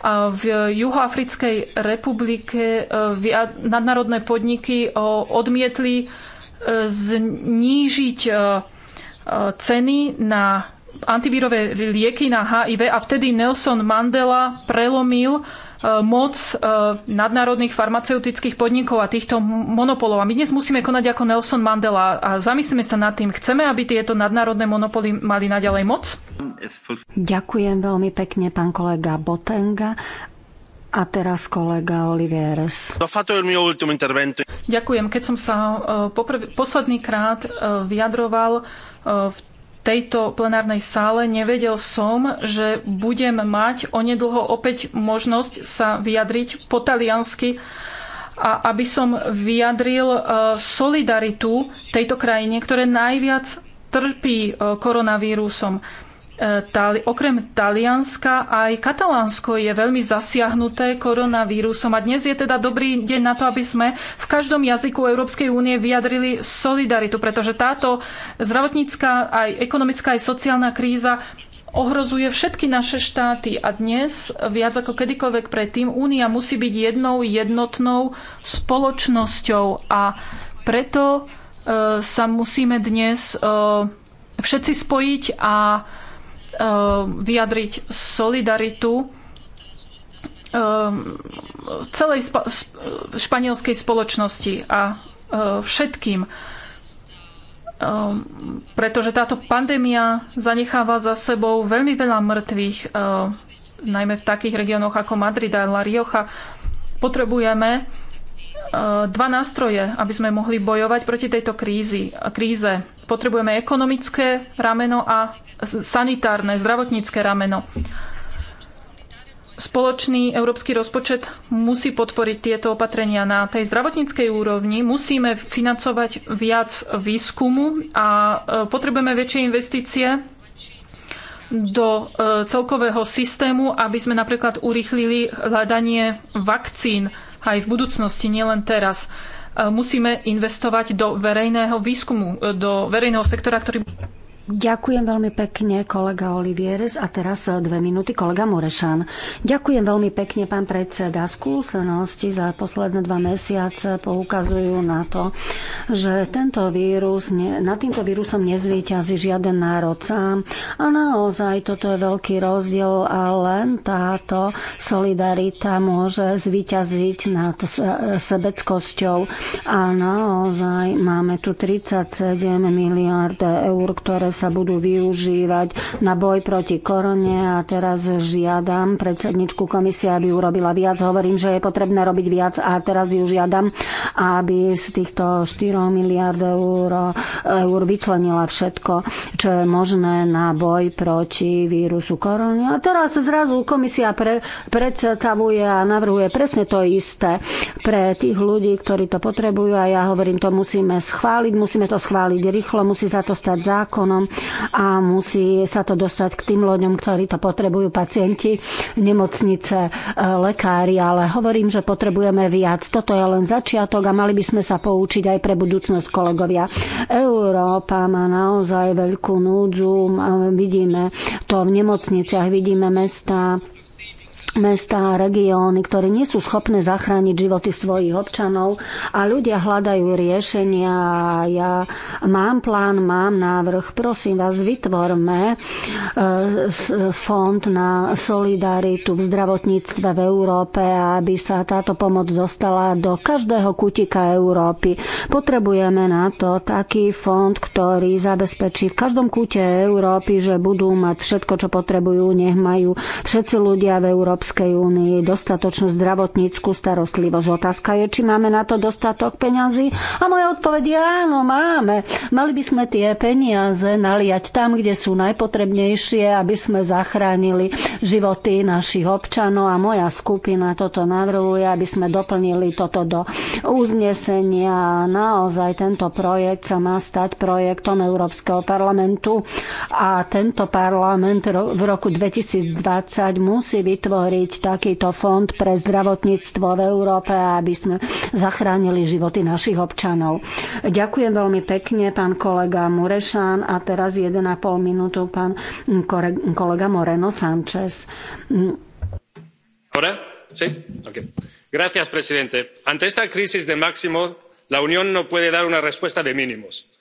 A v Juhoafrickej republike eh, nadnárodné podniky odmietli znížiť e, e, ceny na antivírové lieky na HIV a vtedy Nelson Mandela prelomil e, moc nadnárodných farmaceutických podnikov a týchto monopolov. A my dnes musíme konať ako Nelson Mandela a zamyslíme sa nad tým, chceme, aby tieto nadnárodné monopoly mali naďalej moc? Ďakujem veľmi pekne, pán kolega Botenga. A teraz kolega Olivieres. Ďakujem. Keď som sa e, poprv, posledný krát e, vyjadroval e, v tejto plenárnej sále, nevedel som, že budem mať onedlho opäť možnosť sa vyjadriť po taliansky a aby som vyjadril solidaritu tejto krajine, ktoré najviac trpí koronavírusom. Tali, okrem Talianska aj Katalánsko je veľmi zasiahnuté koronavírusom a dnes je teda dobrý deň na to, aby sme v každom jazyku Európskej únie vyjadrili solidaritu, pretože táto zdravotnícka, aj ekonomická, aj sociálna kríza ohrozuje všetky naše štáty a dnes viac ako kedykoľvek predtým únia musí byť jednou jednotnou spoločnosťou a preto e, sa musíme dnes e, všetci spojiť a Eh, vyjadriť solidaritu eh, celej španielskej spoločnosti a eh, všetkým. Pretože táto pandémia zanecháva za sebou veľmi veľa mŕtvych, najmä v takých regiónoch ako Madrid a La Rioja. Potrebujeme E, dva nástroje, aby sme mohli bojovať proti tejto krízi, kríze. Potrebujeme ekonomické rameno a sanitárne, zdravotnícke rameno. Spoločný európsky rozpočet musí podporiť tieto opatrenia na tej zdravotníckej úrovni. Musíme financovať viac výskumu a e, potrebujeme väčšie investície do e, celkového systému, aby sme napríklad urýchlili hľadanie vakcín aj v budúcnosti, nielen teraz. E, musíme investovať do verejného výskumu, e, do verejného sektora, ktorý Ďakujem veľmi pekne kolega Olivieres a teraz eh, dve minúty kolega Morešan. Ďakujem veľmi pekne pán predseda. Skúsenosti za posledné dva mesiace poukazujú na to, že tento vírus, nad týmto vírusom nezvýťazí žiaden národ sám. A naozaj toto je veľký rozdiel a len táto solidarita môže zvíťaziť nad eh, sebeckosťou. A naozaj máme tu 37 miliard eur, ktoré sa budú využívať na boj proti korone a teraz žiadam predsedničku komisie, aby urobila viac. Hovorím, že je potrebné robiť viac a teraz ju žiadam, aby z týchto 4 miliard eur, eur vyčlenila všetko, čo je možné na boj proti vírusu korony. A teraz zrazu komisia pre, predstavuje a navrhuje presne to isté pre tých ľudí, ktorí to potrebujú a ja hovorím, to musíme schváliť, musíme to schváliť rýchlo, musí sa to stať zákonom systémom a musí sa to dostať k tým ľuďom, ktorí to potrebujú, pacienti, nemocnice, e, lekári, ale hovorím, že potrebujeme viac. Toto je len začiatok a mali by sme sa poučiť aj pre budúcnosť kolegovia. Európa má naozaj veľkú núdzu, vidíme to v nemocniciach, vidíme mesta, mesta a regióny, ktoré nie sú schopné zachrániť životy svojich občanov a ľudia hľadajú riešenia. Ja mám plán, mám návrh. Prosím vás, vytvorme e, fond na solidaritu v zdravotníctve v Európe, aby sa táto pomoc dostala do každého kutika Európy. Potrebujeme na to taký fond, ktorý zabezpečí v každom kúte Európy, že budú mať všetko, čo potrebujú, nech majú všetci ľudia v Európe Európskej únii dostatočnú zdravotníckú starostlivosť. Otázka je, či máme na to dostatok peňazí. A moja odpoveď je áno, máme. Mali by sme tie peniaze naliať tam, kde sú najpotrebnejšie, aby sme zachránili životy našich občanov a moja skupina toto navrhuje, aby sme doplnili toto do uznesenia. Naozaj tento projekt sa má stať projektom Európskeho parlamentu a tento parlament v roku 2020 musí vytvoriť vytvoriť takýto fond pre zdravotníctvo v Európe, aby sme zachránili životy našich občanov. Ďakujem veľmi pekne, pán kolega Murešan a teraz 1,5 minútu pán kolega Moreno Sánchez. Ahora? Sí? Okay. Gracias, presidente. Ante esta crisis de máximo, la Unión no puede dar una respuesta de mínimos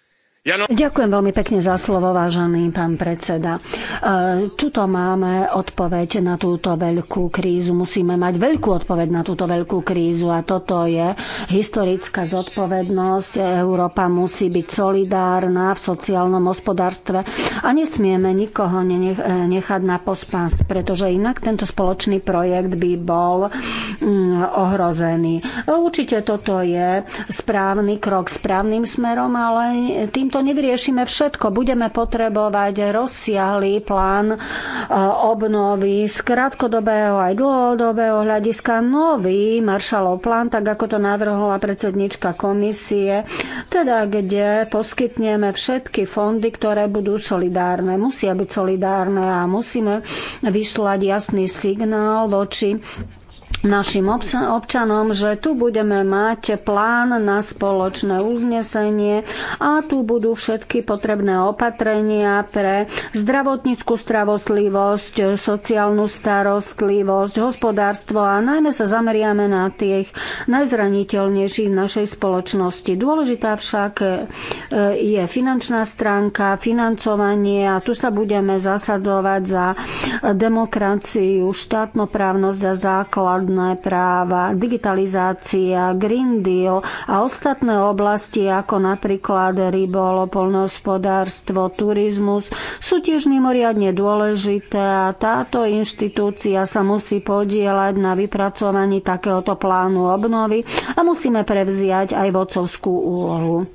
Jano... Ďakujem veľmi pekne za slovo, vážený pán predseda. E, tuto máme odpoveď na túto veľkú krízu. Musíme mať veľkú odpoveď na túto veľkú krízu a toto je historická zodpovednosť. Európa musí byť solidárna v sociálnom hospodárstve a nesmieme nikoho nenech- nechať na pospas, pretože inak tento spoločný projekt by bol mm, ohrozený. Určite toto je správny krok správnym smerom, ale tým týmto nevyriešime všetko. Budeme potrebovať rozsiahlý plán e, obnovy z krátkodobého aj dlhodobého hľadiska nový maršalov plán, tak ako to navrhla predsednička komisie, teda kde poskytneme všetky fondy, ktoré budú solidárne. Musia byť solidárne a musíme vyslať jasný signál voči našim občanom, že tu budeme mať plán na spoločné uznesenie a tu budú všetky potrebné opatrenia pre zdravotníckú stravostlivosť, sociálnu starostlivosť, hospodárstvo a najmä sa zameriame na tých najzraniteľnejších v našej spoločnosti. Dôležitá však e, je finančná stránka, financovanie a tu sa budeme zasadzovať za demokraciu, štátnoprávnosť a základ základné práva, digitalizácia, Green Deal a ostatné oblasti ako napríklad rybolo, polnohospodárstvo, turizmus sú tiež mimoriadne dôležité a táto inštitúcia sa musí podielať na vypracovaní takéhoto plánu obnovy a musíme prevziať aj vodcovskú úlohu.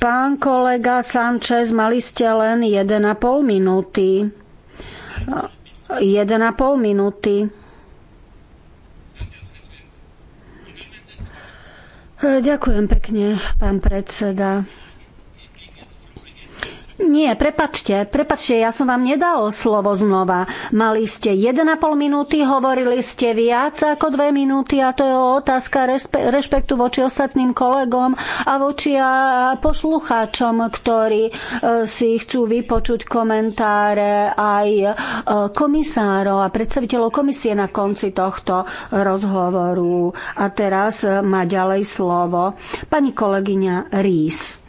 Pán kolega Sanchez, mali ste len 1,5 minúty. 1,5 minúty. Ďakujem pekne, pán predseda. Nie, prepačte, prepačte, ja som vám nedal slovo znova. Mali ste 1,5 minúty, hovorili ste viac ako 2 minúty a to je otázka rešpektu voči ostatným kolegom a voči poslucháčom, ktorí e, si chcú vypočuť komentáre aj e, komisárov a predstaviteľov komisie na konci tohto rozhovoru. A teraz má ďalej slovo pani kolegyňa Rís.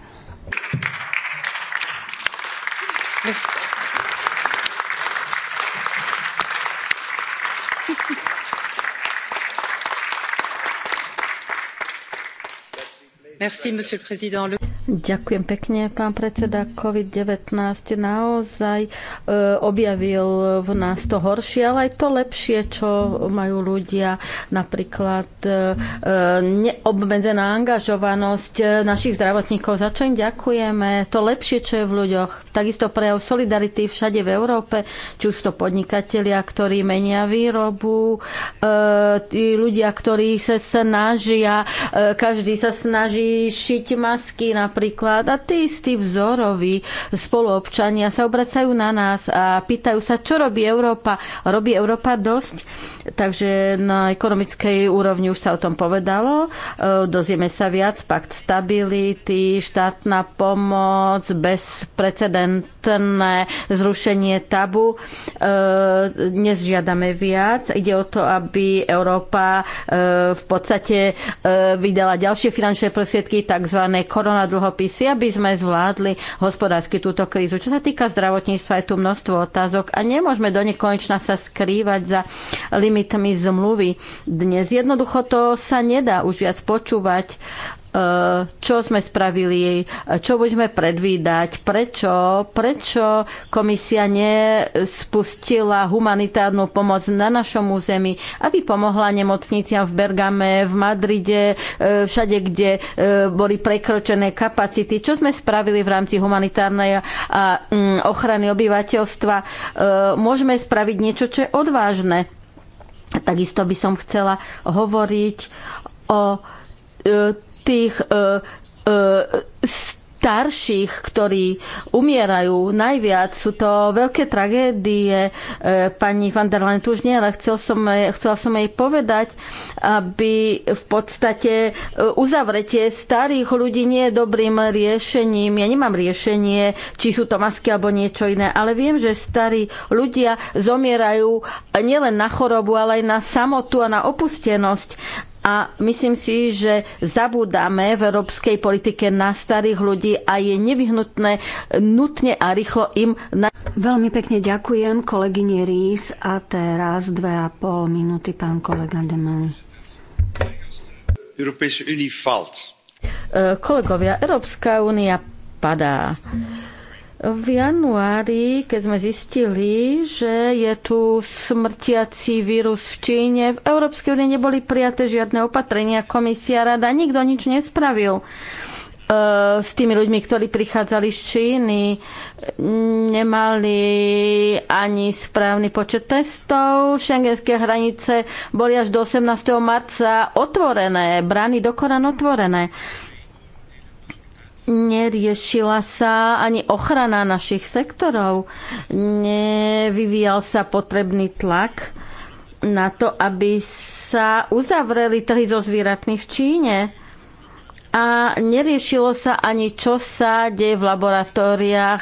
Merci, monsieur le président Ďakujem pekne, pán predseda. COVID-19 naozaj e, objavil v nás to horšie, ale aj to lepšie, čo majú ľudia. Napríklad e, e neobmedzená angažovanosť e, našich zdravotníkov, za čo im ďakujeme. To lepšie, čo je v ľuďoch. Takisto prejav solidarity všade v Európe, či už to podnikatelia, ktorí menia výrobu, e, tí ľudia, ktorí sa snažia, e, každý sa snaží šiť masky napríklad napríklad a tí istí vzoroví spoluobčania sa obracajú na nás a pýtajú sa, čo robí Európa. Robí Európa dosť? Takže na ekonomickej úrovni už sa o tom povedalo. E, Dozieme sa viac, pakt stability, štátna pomoc, bezprecedentná samotné zrušenie tabu. E, dnes žiadame viac. Ide o to, aby Európa e, v podstate e, vydala ďalšie finančné prostriedky, tzv. dlhopisy, aby sme zvládli hospodársky túto krízu. Čo sa týka zdravotníctva, je tu množstvo otázok a nemôžeme do nekonečna sa skrývať za limitmi zmluvy. Dnes jednoducho to sa nedá už viac počúvať. E, čo sme spravili, e, čo budeme predvídať, prečo, prečo komisia nespustila humanitárnu pomoc na našom území, aby pomohla nemocniciam v Bergame, v Madride, e, všade, kde boli prekročené kapacity, čo sme spravili v rámci humanitárnej a mm, ochrany obyvateľstva. Môžeme spraviť niečo, čo je odvážne. Takisto by som chcela hovoriť o tých e, e, starších, ktorí umierajú najviac. Sú to veľké tragédie. E, pani van der Leyen tu už nie, ale chcel som, chcela som jej povedať, aby v podstate uzavretie starých ľudí nie je dobrým riešením. Ja nemám riešenie, či sú to masky alebo niečo iné, ale viem, že starí ľudia zomierajú nielen na chorobu, ale aj na samotu a na opustenosť a myslím si, že zabúdame v európskej politike na starých ľudí a je nevyhnutné nutne a rýchlo im... Na... Veľmi pekne ďakujem kolegyne Rís a teraz dve a pol minúty pán kolega Deman. Európska únia e, Kolegovia, Európska únia padá. Mm. V januári, keď sme zistili, že je tu smrtiací vírus v Číne, v Európskej únie neboli prijaté žiadne opatrenia, komisia, rada, nikto nič nespravil e, s tými ľuďmi, ktorí prichádzali z Číny, nemali ani správny počet testov. Šengenské hranice boli až do 18. marca otvorené, brány dokonan otvorené. Neriešila sa ani ochrana našich sektorov, nevyvíjal sa potrebný tlak na to, aby sa uzavreli trhy so zvieratmi v Číne a neriešilo sa ani, čo sa deje v laboratóriách